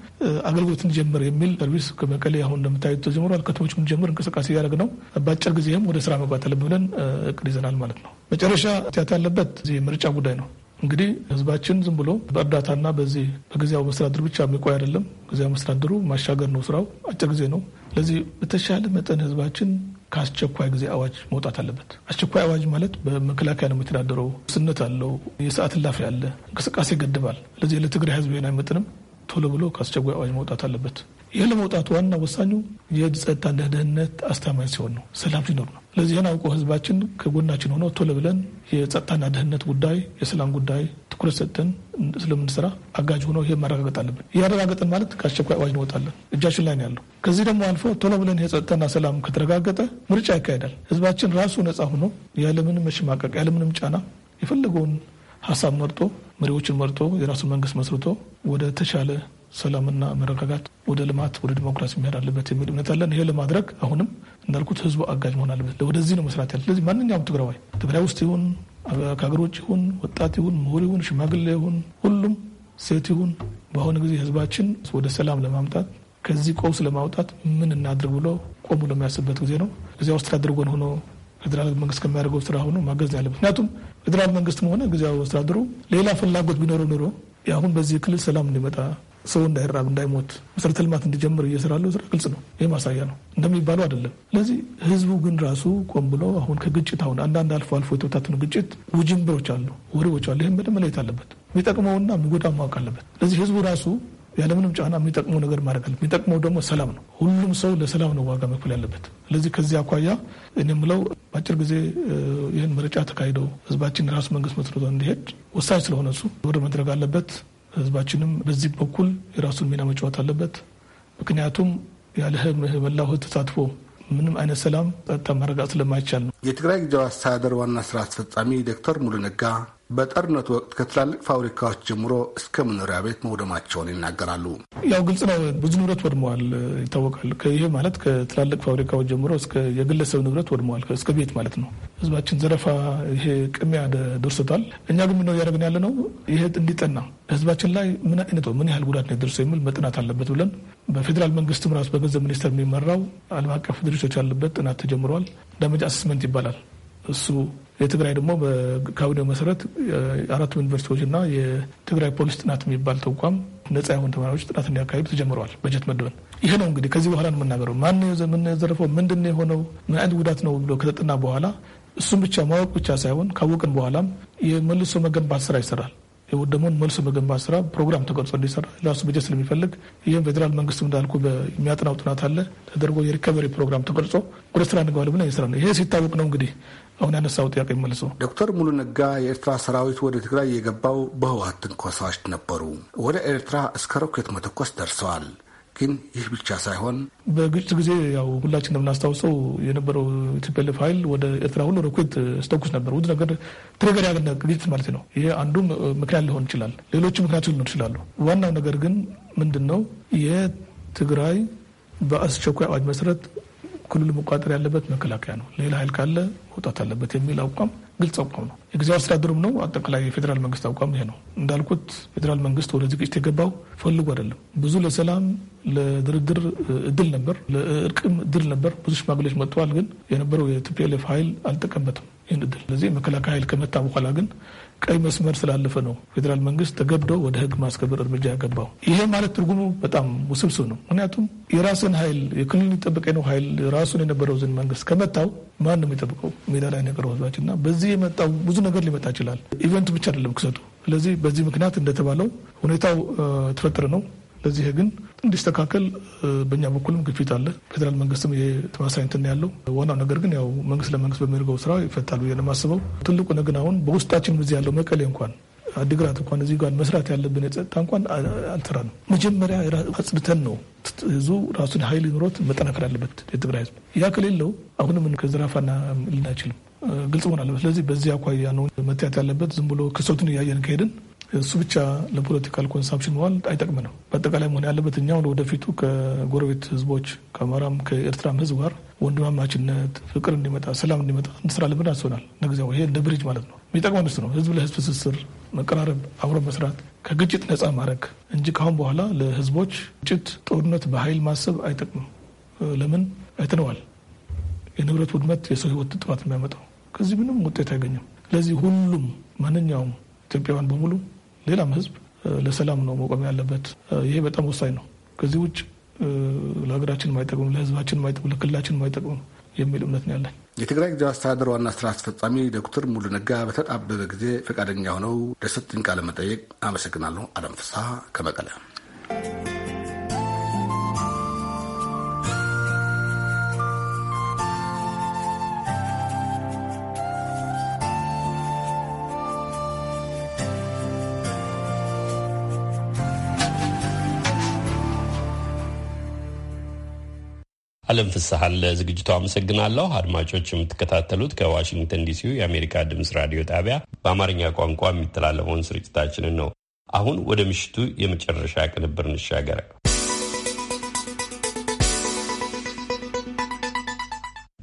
Q: አገልግሎት እንጀምር የሚል ሰርቪስ ከመቀሌ አሁን እንደምታዩ ተጀምሯል። ከተሞች እንጀምር እንቅስቃሴ እያደረግ ነው። በአጭር ጊዜም ወደ ስራ መግባት አለብን ብለን እቅድ ይዘናል ማለት ነው። መጨረሻ ያት ያለበት የምርጫ ጉዳይ ነው። እንግዲህ ህዝባችን ዝም ብሎ በእርዳታና በዚህ በጊዜያዊ መስተዳድር ብቻ የሚቆይ አይደለም። ጊዜያዊ መስተዳድሩ ማሻገር ነው ስራው፣ አጭር ጊዜ ነው። ለዚህ በተሻለ መጠን ህዝባችን ከአስቸኳይ ጊዜ አዋጅ መውጣት አለበት። አስቸኳይ አዋጅ ማለት በመከላከያ ነው የሚተዳደረው፣ ስነት አለው፣ የሰዓት እላፊ አለ፣ እንቅስቃሴ ይገድባል። ለዚህ ለትግራይ ህዝብ ይሄን አይመጥንም። ቶሎ ብሎ ከአስቸኳይ አዋጅ መውጣት አለበት። ይህ ለመውጣቱ ዋና ወሳኙ የጸጥታና ደህንነት አስተማማኝ ሲሆን ነው፣ ሰላም ሲኖር ነው። ለዚህን አውቆ ህዝባችን ከጎናችን ሆኖ ቶሎ ብለን የጸጥታና ደህንነት ጉዳይ፣ የሰላም ጉዳይ ትኩረት ሰጥተን ስለምንሰራ አጋዥ ሆኖ ይህ ማረጋገጥ አለብን። ያረጋገጥን ማለት ከአስቸኳይ አዋጅ እንወጣለን። እጃችን ላይ ነው ያለው። ከዚህ ደግሞ አልፎ ቶሎ ብለን የጸጥታና ሰላም ከተረጋገጠ ምርጫ ይካሄዳል። ህዝባችን ራሱ ነጻ ሆኖ ያለምንም መሸማቀቅ ያለምንም ጫና የፈለገውን ሀሳብ መርጦ መሪዎችን መርጦ የራሱን መንግስት መስርቶ ወደ ተሻለ ሰላምና መረጋጋት ወደ ልማት ወደ ዲሞክራሲ መሄድ አለበት የሚል እምነት አለን። ይሄ ለማድረግ አሁንም እንዳልኩት ህዝቡ አጋዥ መሆን አለበት። ወደዚህ ነው መስራት ያለ። ስለዚህ ማንኛውም ትግራዋይ ትግራይ ውስጥ ይሁን ከሀገር ውጭ ይሁን ወጣት ይሁን ምሁር ይሁን ሽማግሌ ይሁን ሁሉም ሴት ይሁን በአሁኑ ጊዜ ህዝባችን ወደ ሰላም ለማምጣት ከዚህ ቀውስ ለማውጣት ምን እናድርግ ብሎ ቆሙ ለሚያስብበት ጊዜ ነው። እዚያ ውስጥ ጎን ሆኖ ፌዴራል መንግስት ከሚያደርገው ስራ ሆኖ ማገዝ ያለ ምክንያቱም ፌዴራል መንግስትም ሆነ ጊዜያዊ አስተዳደሩ ሌላ ፍላጎት ቢኖረው ኑሮ የአሁን በዚህ ክልል ሰላም እንዲመጣ ሰው እንዳይራብ እንዳይሞት መሰረተ ልማት እንዲጀምር እየሰራለው ስራ ግልጽ ነው፣ ይህ ማሳያ ነው። እንደሚባለው አይደለም። ስለዚህ ህዝቡ ግን ራሱ ቆም ብሎ አሁን ከግጭት አሁን አንዳንድ አልፎ አልፎ የተበታተኑ ግጭት ውጅንብሮች አሉ፣ ወሬዎች አሉ። ይህም በደንብ መለየት አለበት። የሚጠቅመውና የሚጎዳ ማወቅ አለበት። ስለዚህ ህዝቡ ራሱ ያለምንም ጫና የሚጠቅመው ነገር ማድረግ አለ። የሚጠቅመው ደግሞ ሰላም ነው። ሁሉም ሰው ለሰላም ነው ዋጋ መክፈል ያለበት። ስለዚህ ከዚህ አኳያ እኔ የምለው በአጭር ጊዜ ይህን ምርጫ ተካሂደው ህዝባችን ራሱ መንግስት መስርቶ እንዲሄድ ወሳኝ ስለሆነ እሱ ወደ መድረግ አለበት። ህዝባችንም በዚህ በኩል የራሱን ሚና መጫወት አለበት። ምክንያቱም ያለ መላው ህዝብ ተሳትፎ ምንም አይነት ሰላም ጸጥታ ማረጋገጥ ስለማይቻል ነው።
J: የትግራይ ጊዜያዊ አስተዳደር ዋና ስራ አስፈጻሚ ዶክተር ሙሉ ነጋ በጦርነቱ ወቅት ከትላልቅ ፋብሪካዎች ጀምሮ እስከ መኖሪያ ቤት መውደማቸውን ይናገራሉ።
Q: ያው ግልጽ ነው፣ ብዙ ንብረት ወድመዋል ይታወቃል። ይህ ማለት ከትላልቅ ፋብሪካዎች ጀምሮ እስከ የግለሰብ ንብረት ወድመዋል፣ እስከ ቤት ማለት ነው። ህዝባችን ዘረፋ፣ ይሄ ቅሚያ ደርሶታል። እኛ ግን ምነው እያደረግን ያለ ነው፣ ይሄ እንዲጠና ህዝባችን ላይ ምን አይነት ምን ያህል ጉዳት ነው የደርሰው የሚል መጥናት አለበት ብለን በፌዴራል መንግስትም ራሱ በገንዘብ ሚኒስቴር የሚመራው ዓለም አቀፍ ድርጅቶች ያለበት ጥናት ተጀምረዋል። ዳሜጅ አሰስመንት ይባላል እሱ የትግራይ ደግሞ በካቢኔው መሰረት አራቱም ዩኒቨርሲቲዎችና የትግራይ ፖሊስ ጥናት የሚባል ተቋም ነጻ የሆኑ ተማሪዎች ጥናት እንዲያካሂዱ ተጀምረዋል። በጀት መድበን ይሄ ነው እንግዲህ ከዚህ በኋላ ነው የምናገረው። ማን የዘረፈው ምንድን ነው የሆነው ምን አይነት ጉዳት ነው ብሎ ከተጠና በኋላ እሱም ብቻ ማወቅ ብቻ ሳይሆን ካወቅን በኋላም የመልሶ መገንባት ስራ ይሰራል። የወደመውን መልሶ መገንባት ስራ ፕሮግራም ተቀርጾ እንዲሰራ ለራሱ በጀት ስለሚፈልግ ይህም ፌዴራል መንግስት እንዳልኩ የሚያጥናው ጥናት አለ ተደርጎ የሪከቨሪ ፕሮግራም ተቀርጾ ወደ ስራ እንገባለን ብለን እየሰራን ነው። ይሄ ሲታወቅ ነው እንግዲህ አሁን ያነሳው ጥያቄ መልሰው ዶክተር ሙሉ ነጋ የኤርትራ
J: ሰራዊት ወደ ትግራይ የገባው በህወሀት ትንኮሳዎች ነበሩ። ወደ ኤርትራ እስከ ሮኬት መተኮስ ደርሰዋል። ግን ይህ ብቻ ሳይሆን
Q: በግጭት ጊዜ ያው ሁላችን እንደምናስታውሰው የነበረው ቲፒኤልኤፍ ኃይል ወደ ኤርትራ ሁሉ ሮኬት ስተኩስ ነበር። ውድ ነገር ትሪገር ያገ ግጭት ማለት ነው። ይሄ አንዱ ምክንያት ሊሆን ይችላል። ሌሎቹ ምክንያቱ ሊሆን ይችላሉ። ዋናው ነገር ግን ምንድን ነው የትግራይ በአስቸኳይ አዋጅ መሰረት ክልሉ መቋጠር ያለበት መከላከያ ነው። ሌላ ኃይል ካለ መውጣት አለበት የሚል አቋም ግልጽ አቋም ነው። የጊዜው አስተዳደሩም ነው። አጠቃላይ የፌዴራል መንግስት አቋም ይሄ ነው። እንዳልኩት ፌዴራል መንግስት ወደዚህ ግጭት የገባው ፈልጎ አይደለም። ብዙ ለሰላም ለድርድር እድል ነበር፣ ለእርቅም እድል ነበር። ብዙ ሽማግሌዎች መጥተዋል። ግን የነበረው የቲፒኤልኤፍ ኃይል አልጠቀምበትም ይህን እድል። ስለዚህ መከላከያ ኃይል ከመታ በኋላ ግን ቀይ መስመር ስላለፈ ነው ፌዴራል መንግስት ተገዶ ወደ ህግ ማስከበር እርምጃ ያገባው። ይሄ ማለት ትርጉሙ በጣም ውስብስብ ነው። ምክንያቱም የራስን ኃይል የክልል ይጠበቀ ነው ኃይል ራሱን የነበረው ዝን መንግስት ከመታው ማን ነው የሚጠብቀው? ሜዳ ላይ ነገረው ህዝባችን እና በዚህ የመጣው ብዙ ነገር ሊመጣ ይችላል። ኢቨንቱ ብቻ አይደለም ክሰቱ። ስለዚህ በዚህ ምክንያት እንደተባለው ሁኔታው የተፈጠረ ነው። በዚህ ግን እንዲስተካከል በእኛ በኩልም ግፊት አለ። ፌዴራል መንግስትም የተመሳሳይ እንትን ያለው ዋናው ነገር ግን ያው መንግስት ለመንግስት በሚያደርገው ስራ ይፈታል ብዬ ነው የማስበው። ትልቁ ነገር አሁን በውስጣችን እዚህ ያለው መቀሌ እንኳን አዲግራት እንኳን እዚህ ጋር መስራት ያለብን የጸጥታ እንኳን አልሰራንም። መጀመሪያ አጽድተን ነው ህዙ ራሱን ሀይል ኑሮት መጠናከር አለበት የትግራይ ህዝብ። ያ ከሌለው አሁንም ከዝራፋና ልን አይችልም። ግልጽ ሆን አለበት። ስለዚህ በዚህ አኳያ ነው መታየት ያለበት። ዝም ብሎ ክሶቱን እያየን ከሄድን እሱ ብቻ ለፖለቲካል ኮንሳምፕሽን ዋል አይጠቅምንም። በአጠቃላይ መሆን ያለበት እኛ ወደፊቱ ከጎረቤት ህዝቦች ከአማራም ከኤርትራም ህዝብ ጋር ወንድማማችነት፣ ፍቅር እንዲመጣ፣ ሰላም እንዲመጣ እንስራ ልብን አስሆናል። ለጊዜው ይሄ እንደ ብሪጅ ማለት ነው። የሚጠቅመን እሱ ነው። ህዝብ ለህዝብ ትስስር፣ መቀራረብ፣ አብሮ መስራት፣ ከግጭት ነጻ ማድረግ እንጂ ካሁን በኋላ ለህዝቦች ግጭት፣ ጦርነት በኃይል ማሰብ አይጠቅምም። ለምን አይተነዋል። የንብረት ውድመት፣ የሰው ህይወት ጥፋት የሚያመጣው ከዚህ ምንም ውጤት አይገኝም። ስለዚህ ሁሉም ማንኛውም ኢትዮጵያውያን በሙሉ ሌላም ህዝብ ለሰላም ነው መቆም ያለበት። ይሄ በጣም ወሳኝ ነው። ከዚህ ውጭ ለሀገራችን ማይጠቅም፣ ለህዝባችን ማይጠቅም፣ ለክልላችን ማይጠቅም የሚል እምነት ነው ያለን።
J: የትግራይ ጊዜ አስተዳደር ዋና ስራ አስፈጻሚ ዶክተር ሙሉ ነጋ በተጣበበ ጊዜ ፈቃደኛ ሆነው ደሰትኝ ቃለ መጠየቅ አመሰግናለሁ። አለም ፍስሀ ከመቀለ
A: አለም ፍስሐን ለዝግጅቱ አመሰግናለሁ። አድማጮች የምትከታተሉት ከዋሽንግተን ዲሲው የአሜሪካ ድምፅ ራዲዮ ጣቢያ በአማርኛ ቋንቋ የሚተላለፈውን ስርጭታችንን ነው። አሁን ወደ ምሽቱ የመጨረሻ ቅንብር እንሻገር።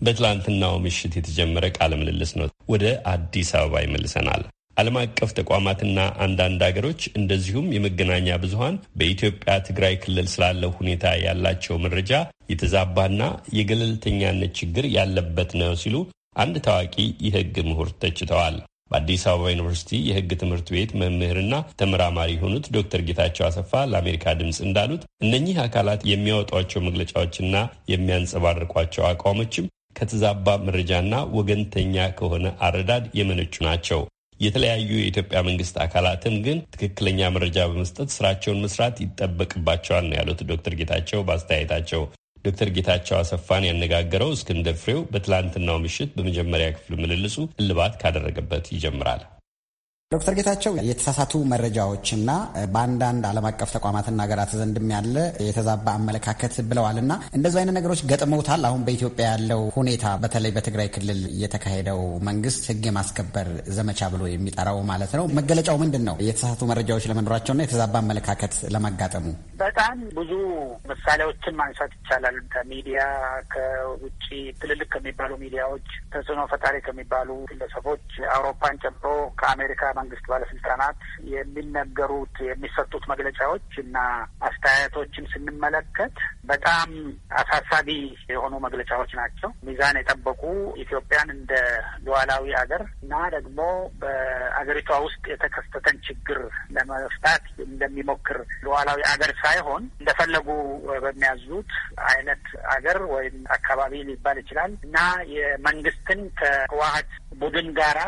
A: በትላንትናው ምሽት የተጀመረ ቃለ ምልልስ ነው። ወደ አዲስ አበባ ይመልሰናል። ዓለም አቀፍ ተቋማትና አንዳንድ ሀገሮች እንደዚሁም የመገናኛ ብዙሀን በኢትዮጵያ ትግራይ ክልል ስላለው ሁኔታ ያላቸው መረጃ የተዛባና የገለልተኛነት ችግር ያለበት ነው ሲሉ አንድ ታዋቂ የሕግ ምሁር ተችተዋል። በአዲስ አበባ ዩኒቨርሲቲ የሕግ ትምህርት ቤት መምህርና ተመራማሪ የሆኑት ዶክተር ጌታቸው አሰፋ ለአሜሪካ ድምፅ እንዳሉት እነኚህ አካላት የሚያወጧቸው መግለጫዎችና የሚያንጸባርቋቸው አቋሞችም ከተዛባ መረጃና ወገንተኛ ከሆነ አረዳድ የመነጩ ናቸው። የተለያዩ የኢትዮጵያ መንግስት አካላትም ግን ትክክለኛ መረጃ በመስጠት ስራቸውን መስራት ይጠበቅባቸዋል ነው ያሉት ዶክተር ጌታቸው በአስተያየታቸው። ዶክተር ጌታቸው አሰፋን ያነጋገረው እስክንድር ፍሬው በትላንትናው ምሽት በመጀመሪያ ክፍል ምልልሱ እልባት ካደረገበት ይጀምራል።
D: ዶክተር ጌታቸው የተሳሳቱ መረጃዎችና በአንዳንድ ዓለም አቀፍ ተቋማትና ሀገራት ዘንድም ያለ የተዛባ አመለካከት ብለዋልና እንደዚ አይነት ነገሮች ገጥመውታል። አሁን በኢትዮጵያ ያለው ሁኔታ በተለይ በትግራይ ክልል የተካሄደው መንግስት ህግ የማስከበር ዘመቻ ብሎ የሚጠራው ማለት ነው መገለጫው ምንድን ነው? የተሳሳቱ መረጃዎች ለመኖራቸውና የተዛባ አመለካከት ለማጋጠሙ
I: በጣም ብዙ ምሳሌዎችን ማንሳት ይቻላል። ከሚዲያ ከውጭ ትልልቅ ከሚባሉ ሚዲያዎች፣ ተጽዕኖ ፈጣሪ ከሚባሉ ግለሰቦች አውሮፓን ጨምሮ ከአሜሪካ የመንግስት ባለስልጣናት የሚነገሩት የሚሰጡት መግለጫዎች እና አስተያየቶችን ስንመለከት በጣም አሳሳቢ የሆኑ መግለጫዎች ናቸው። ሚዛን የጠበቁ ኢትዮጵያን እንደ ሉዓላዊ አገር እና ደግሞ በአገሪቷ ውስጥ የተከሰተን ችግር ለመፍታት እንደሚሞክር ሉዓላዊ አገር ሳይሆን እንደፈለጉ በሚያዙት አይነት አገር ወይም አካባቢ ሊባል ይችላል እና የመንግስትን ከህወሀት ቡድን ጋራ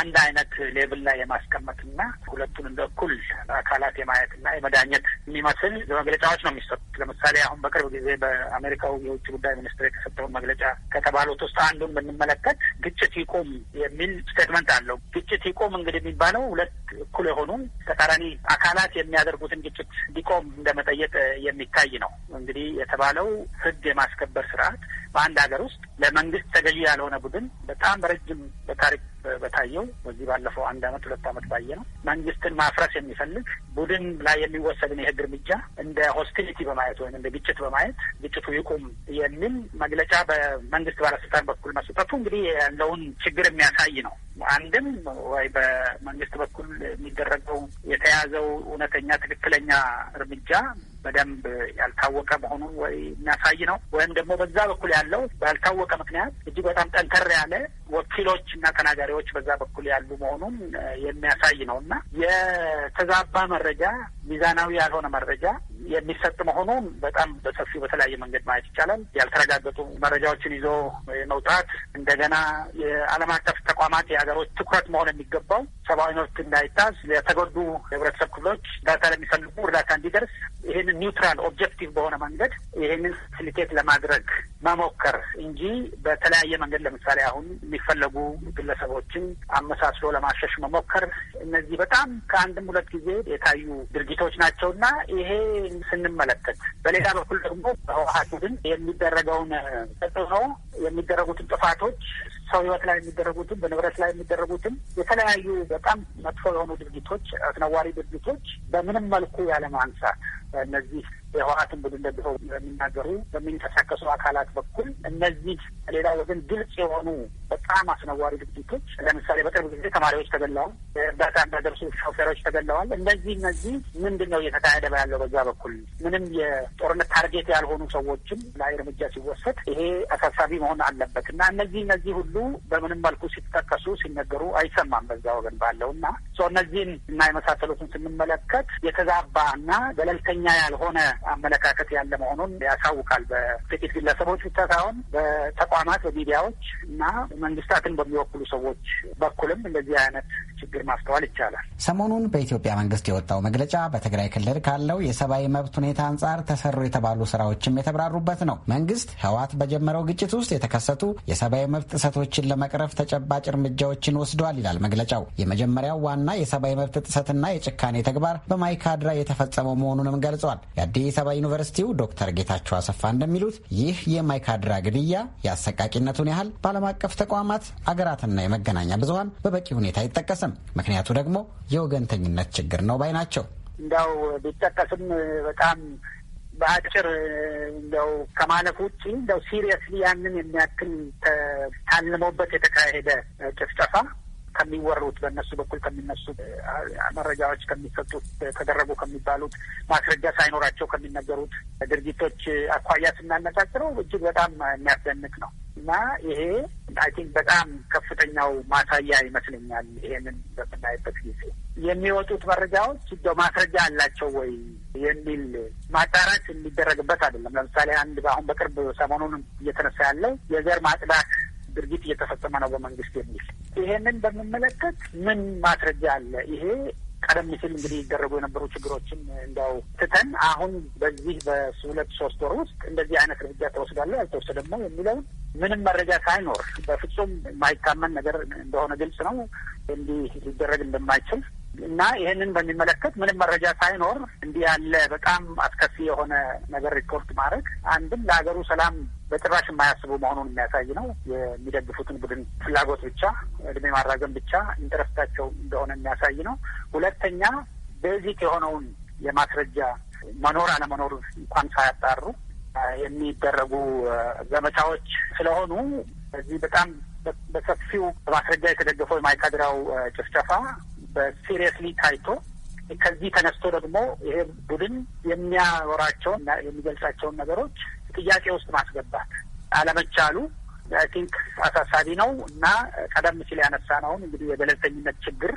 I: አንድ አይነት ሌብል ላይ የማ የማስቀመጥና ሁለቱን እንደ እኩል አካላት የማየትና የመዳኘት የሚመስል መግለጫዎች ነው የሚሰጡት። ለምሳሌ አሁን በቅርብ ጊዜ በአሜሪካው የውጭ ጉዳይ ሚኒስትር የተሰጠውን መግለጫ ከተባሉት ውስጥ አንዱን ብንመለከት ግጭት ይቁም የሚል ስቴትመንት አለው። ግጭት ይቁም እንግዲህ የሚባለው ሁለት እኩል የሆኑ ተቃራኒ አካላት የሚያደርጉትን ግጭት እንዲቆም እንደመጠየቅ የሚታይ ነው። እንግዲህ የተባለው ህግ የማስከበር ስርዓት በአንድ ሀገር ውስጥ ለመንግስት ተገዢ ያልሆነ ቡድን በጣም በረጅም በታሪክ በታየው በዚህ ባለፈው አንድ አመት ሁለት አመት ባየ ነው መንግስትን ማፍረስ የሚፈልግ ቡድን ላይ የሚወሰድን የህግ እርምጃ እንደ ሆስቲሊቲ በማየት ወይም እንደ ግጭት በማየት ግጭቱ ይቁም የሚል መግለጫ በመንግስት ባለስልጣን በኩል መስጠቱ እንግዲህ ያለውን ችግር የሚያሳይ ነው። አንድም ወይ በመንግስት በኩል የሚደረገው የተያዘው እውነተኛ ትክክለኛ እርምጃ በደንብ ያልታወቀ መሆኑን ወይ የሚያሳይ ነው። ወይም ደግሞ በዛ በኩል ያለው ባልታወቀ ምክንያት እጅግ በጣም ጠንከር ያለ ወኪሎች እና ተናጋሪዎች በዛ በኩል ያሉ መሆኑን የሚያሳይ ነው እና የተዛባ መረጃ፣ ሚዛናዊ ያልሆነ መረጃ የሚሰጥ መሆኑን በጣም በሰፊው በተለያየ መንገድ ማየት ይቻላል። ያልተረጋገጡ መረጃዎችን ይዞ መውጣት እንደገና የዓለም አቀፍ ተቋማት የሀገሮች ትኩረት መሆን የሚገባው ሰብአዊ መብት እንዳይጣስ የተጎዱ የህብረተሰብ ክፍሎች እርዳታ ለሚፈልጉ እርዳታ እንዲደርስ ይህንን ኒውትራል ኦብጀክቲቭ በሆነ መንገድ ይህንን ፋሲሊቴት ለማድረግ መሞከር እንጂ በተለያየ መንገድ ለምሳሌ አሁን የሚፈለጉ ግለሰቦችን አመሳስሎ ለማሸሽ መሞከር፣ እነዚህ በጣም ከአንድም ሁለት ጊዜ የታዩ ድርጊቶች ናቸውና ይሄ ስንመለከት፣ በሌላ በኩል ደግሞ በህወሀት ቡድን የሚደረገውን ተጽዕኖ የሚደረጉትን ጥፋቶች ሰው ህይወት ላይ የሚደረጉትም በንብረት ላይ የሚደረጉትም የተለያዩ በጣም መጥፎ የሆኑ ድርጊቶች፣ አስነዋሪ ድርጊቶች በምንም መልኩ ያለማንሳት እነዚህ የህወሀትን ቡድን ደግፈው በሚናገሩ በሚንቀሳቀሱ አካላት በኩል እነዚህ ሌላ ወገን ግልጽ የሆኑ በጣም አስነዋሪ ድርጊቶች ለምሳሌ በቅርብ ጊዜ ተማሪዎች ተገለዋል። እርዳታ እንዳደርሱ ሾፌሮች ተገለዋል። እነዚህ እነዚህ ምንድን ነው እየተካሄደ ያለው? በዛ በኩል ምንም የጦርነት ታርጌት ያልሆኑ ሰዎችም ላይ እርምጃ ሲወሰድ ይሄ አሳሳቢ መሆን አለበት እና እነዚህ እነዚህ ሁሉ በምንም መልኩ ሲጠቀሱ ሲነገሩ አይሰማም በዛ ወገን ባለው እና እነዚህን እና የመሳሰሉትን ስንመለከት የተዛባ እና ገለልተኛ ያልሆነ አመለካከት ያለ መሆኑን ያሳውቃል። በጥቂት ግለሰቦች ብቻ ሳይሆን በተቋማት በሚዲያዎች እና መንግስታትን በሚወክሉ ሰዎች በኩልም እንደዚህ አይነት ችግር ማስተዋል ይቻላል።
D: ሰሞኑን በኢትዮጵያ መንግስት የወጣው መግለጫ በትግራይ ክልል ካለው የሰብአዊ መብት ሁኔታ አንጻር ተሰሩ የተባሉ ስራዎችም የተብራሩበት ነው። መንግስት ህወሓት በጀመረው ግጭት ውስጥ የተከሰቱ የሰብአዊ መብት ጥሰቶችን ለመቅረፍ ተጨባጭ እርምጃዎችን ወስዷል ይላል መግለጫው። የመጀመሪያው ዋና የሰብአዊ መብት ጥሰትና የጭካኔ ተግባር በማይካድራ የተፈጸመው መሆኑንም ገልጿል። የአዲስ አበባ ዩኒቨርሲቲው ዶክተር ጌታቸው አሰፋ እንደሚሉት ይህ የማይካድራ ግድያ የአሰቃቂነቱን ያህል በዓለም አቀፍ ተቋማት፣ አገራትና የመገናኛ ብዙሀን በበቂ ሁኔታ አይጠቀስም። ምክንያቱ ደግሞ የወገንተኝነት ችግር ነው ባይ ናቸው።
I: እንዲያው ቢጠቀስም በጣም በአጭር እንደው ከማለፍ ውጭ እንደው ሲሪየስሊ ያንን የሚያክል ታልመውበት የተካሄደ ጭፍጨፋ ከሚወሩት በእነሱ በኩል ከሚነሱት መረጃዎች ከሚሰጡት ተደረጉ ከሚባሉት ማስረጃ ሳይኖራቸው ከሚነገሩት ድርጊቶች አኳያ ስናነጻጽረው እጅግ በጣም የሚያስደንቅ ነው። እና ይሄ አይ ቲንክ በጣም ከፍተኛው ማሳያ ይመስለኛል። ይሄንን በምናይበት ጊዜ የሚወጡት መረጃዎች እንደው ማስረጃ አላቸው ወይ የሚል ማጣራት የሚደረግበት አይደለም። ለምሳሌ አንድ አሁን በቅርብ ሰሞኑን እየተነሳ ያለው የዘር ማጽዳት ድርጊት እየተፈጸመ ነው በመንግስት የሚል ይሄንን በምመለከት ምን ማስረጃ አለ? ይሄ ቀደም ሲል እንግዲህ ይደረጉ የነበሩ ችግሮችን እንዲያው ትተን አሁን በዚህ በሁለት ሶስት ወር ውስጥ እንደዚህ አይነት እርምጃ ተወስዳለ አልተወሰደም የሚለውን ምንም መረጃ ሳይኖር በፍጹም የማይታመን ነገር እንደሆነ ግልጽ ነው። እንዲህ ሊደረግ እንደማይችል እና ይህንን በሚመለከት ምንም መረጃ ሳይኖር እንዲህ ያለ በጣም አስከፊ የሆነ ነገር ሪፖርት ማድረግ አንድም ለሀገሩ ሰላም በጭራሽ የማያስቡ መሆኑን የሚያሳይ ነው። የሚደግፉትን ቡድን ፍላጎት ብቻ፣ እድሜ ማራዘም ብቻ ኢንተረስታቸው እንደሆነ የሚያሳይ ነው። ሁለተኛ ቤዚክ የሆነውን የማስረጃ መኖር አለመኖር እንኳን ሳያጣሩ የሚደረጉ ዘመቻዎች ስለሆኑ በዚህ በጣም በሰፊው በማስረጃ የተደገፈው የማይካድራው ጭፍጨፋ በሲሪየስሊ ታይቶ ከዚህ ተነስቶ ደግሞ ይሄ ቡድን የሚያወራቸውን የሚገልጻቸውን ነገሮች ጥያቄ ውስጥ ማስገባት አለመቻሉ ቲንክ አሳሳቢ ነው እና ቀደም ሲል ነውን እንግዲህ የገለልተኝነት ችግር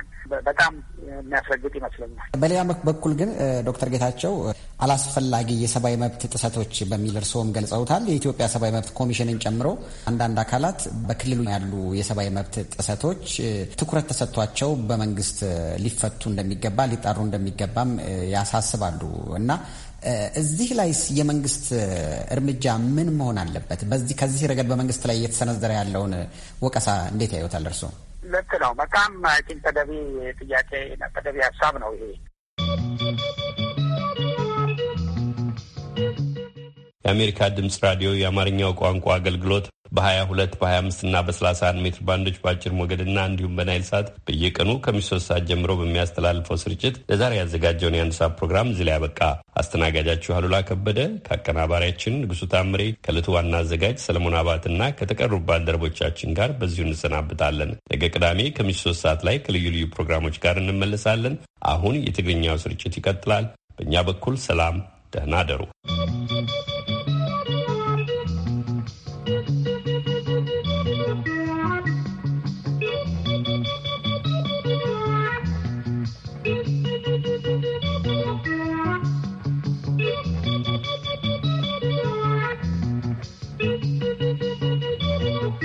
I: በጣም የሚያስረግጥ ይመስለኛል።
D: በሌላ በኩል ግን ዶክተር ጌታቸው አላስፈላጊ የሰብአዊ መብት ጥሰቶች በሚል እርስዎም ገልጸውታል። የኢትዮጵያ ሰብአዊ መብት ኮሚሽንን ጨምሮ አንዳንድ አካላት በክልሉ ያሉ የሰብአዊ መብት ጥሰቶች ትኩረት ተሰጥቷቸው በመንግስት ሊፈቱ እንደሚገባ ሊጣሩ እንደሚገባም ያሳስባሉ እና እዚህ ላይ የመንግስት እርምጃ ምን መሆን አለበት? በዚህ ከዚህ ረገድ በመንግስት ላይ እየተሰነዘረ ያለውን ወቀሳ እንዴት ያዩታል እርስዎ?
I: ልክ ነው። በጣም ተገቢ ጥያቄ ተገቢ ሀሳብ ነው ይሄ
A: የአሜሪካ ድምፅ ራዲዮ የአማርኛው ቋንቋ አገልግሎት በ22 በ25 እና በ31 ሜትር ባንዶች በአጭር ሞገድና እንዲሁም በናይል ሳት በየቀኑ ከምሽቱ ሶስት ሰዓት ጀምሮ በሚያስተላልፈው ስርጭት ለዛሬ ያዘጋጀውን የአንድ ሰዓት ፕሮግራም እዚህ ላይ ያበቃ። አስተናጋጃችሁ አሉላ ከበደ ከአቀናባሪያችን ንጉሱ ታምሬ ከእለቱ ዋና አዘጋጅ ሰለሞን አባትና ከተቀሩ ባልደረቦቻችን ጋር በዚሁ እንሰናብታለን። ነገ ቅዳሜ ከምሽቱ ሶስት ሰዓት ላይ ከልዩ ልዩ ፕሮግራሞች ጋር እንመለሳለን። አሁን የትግርኛው ስርጭት ይቀጥላል። በእኛ በኩል ሰላም፣ ደህና አደሩ።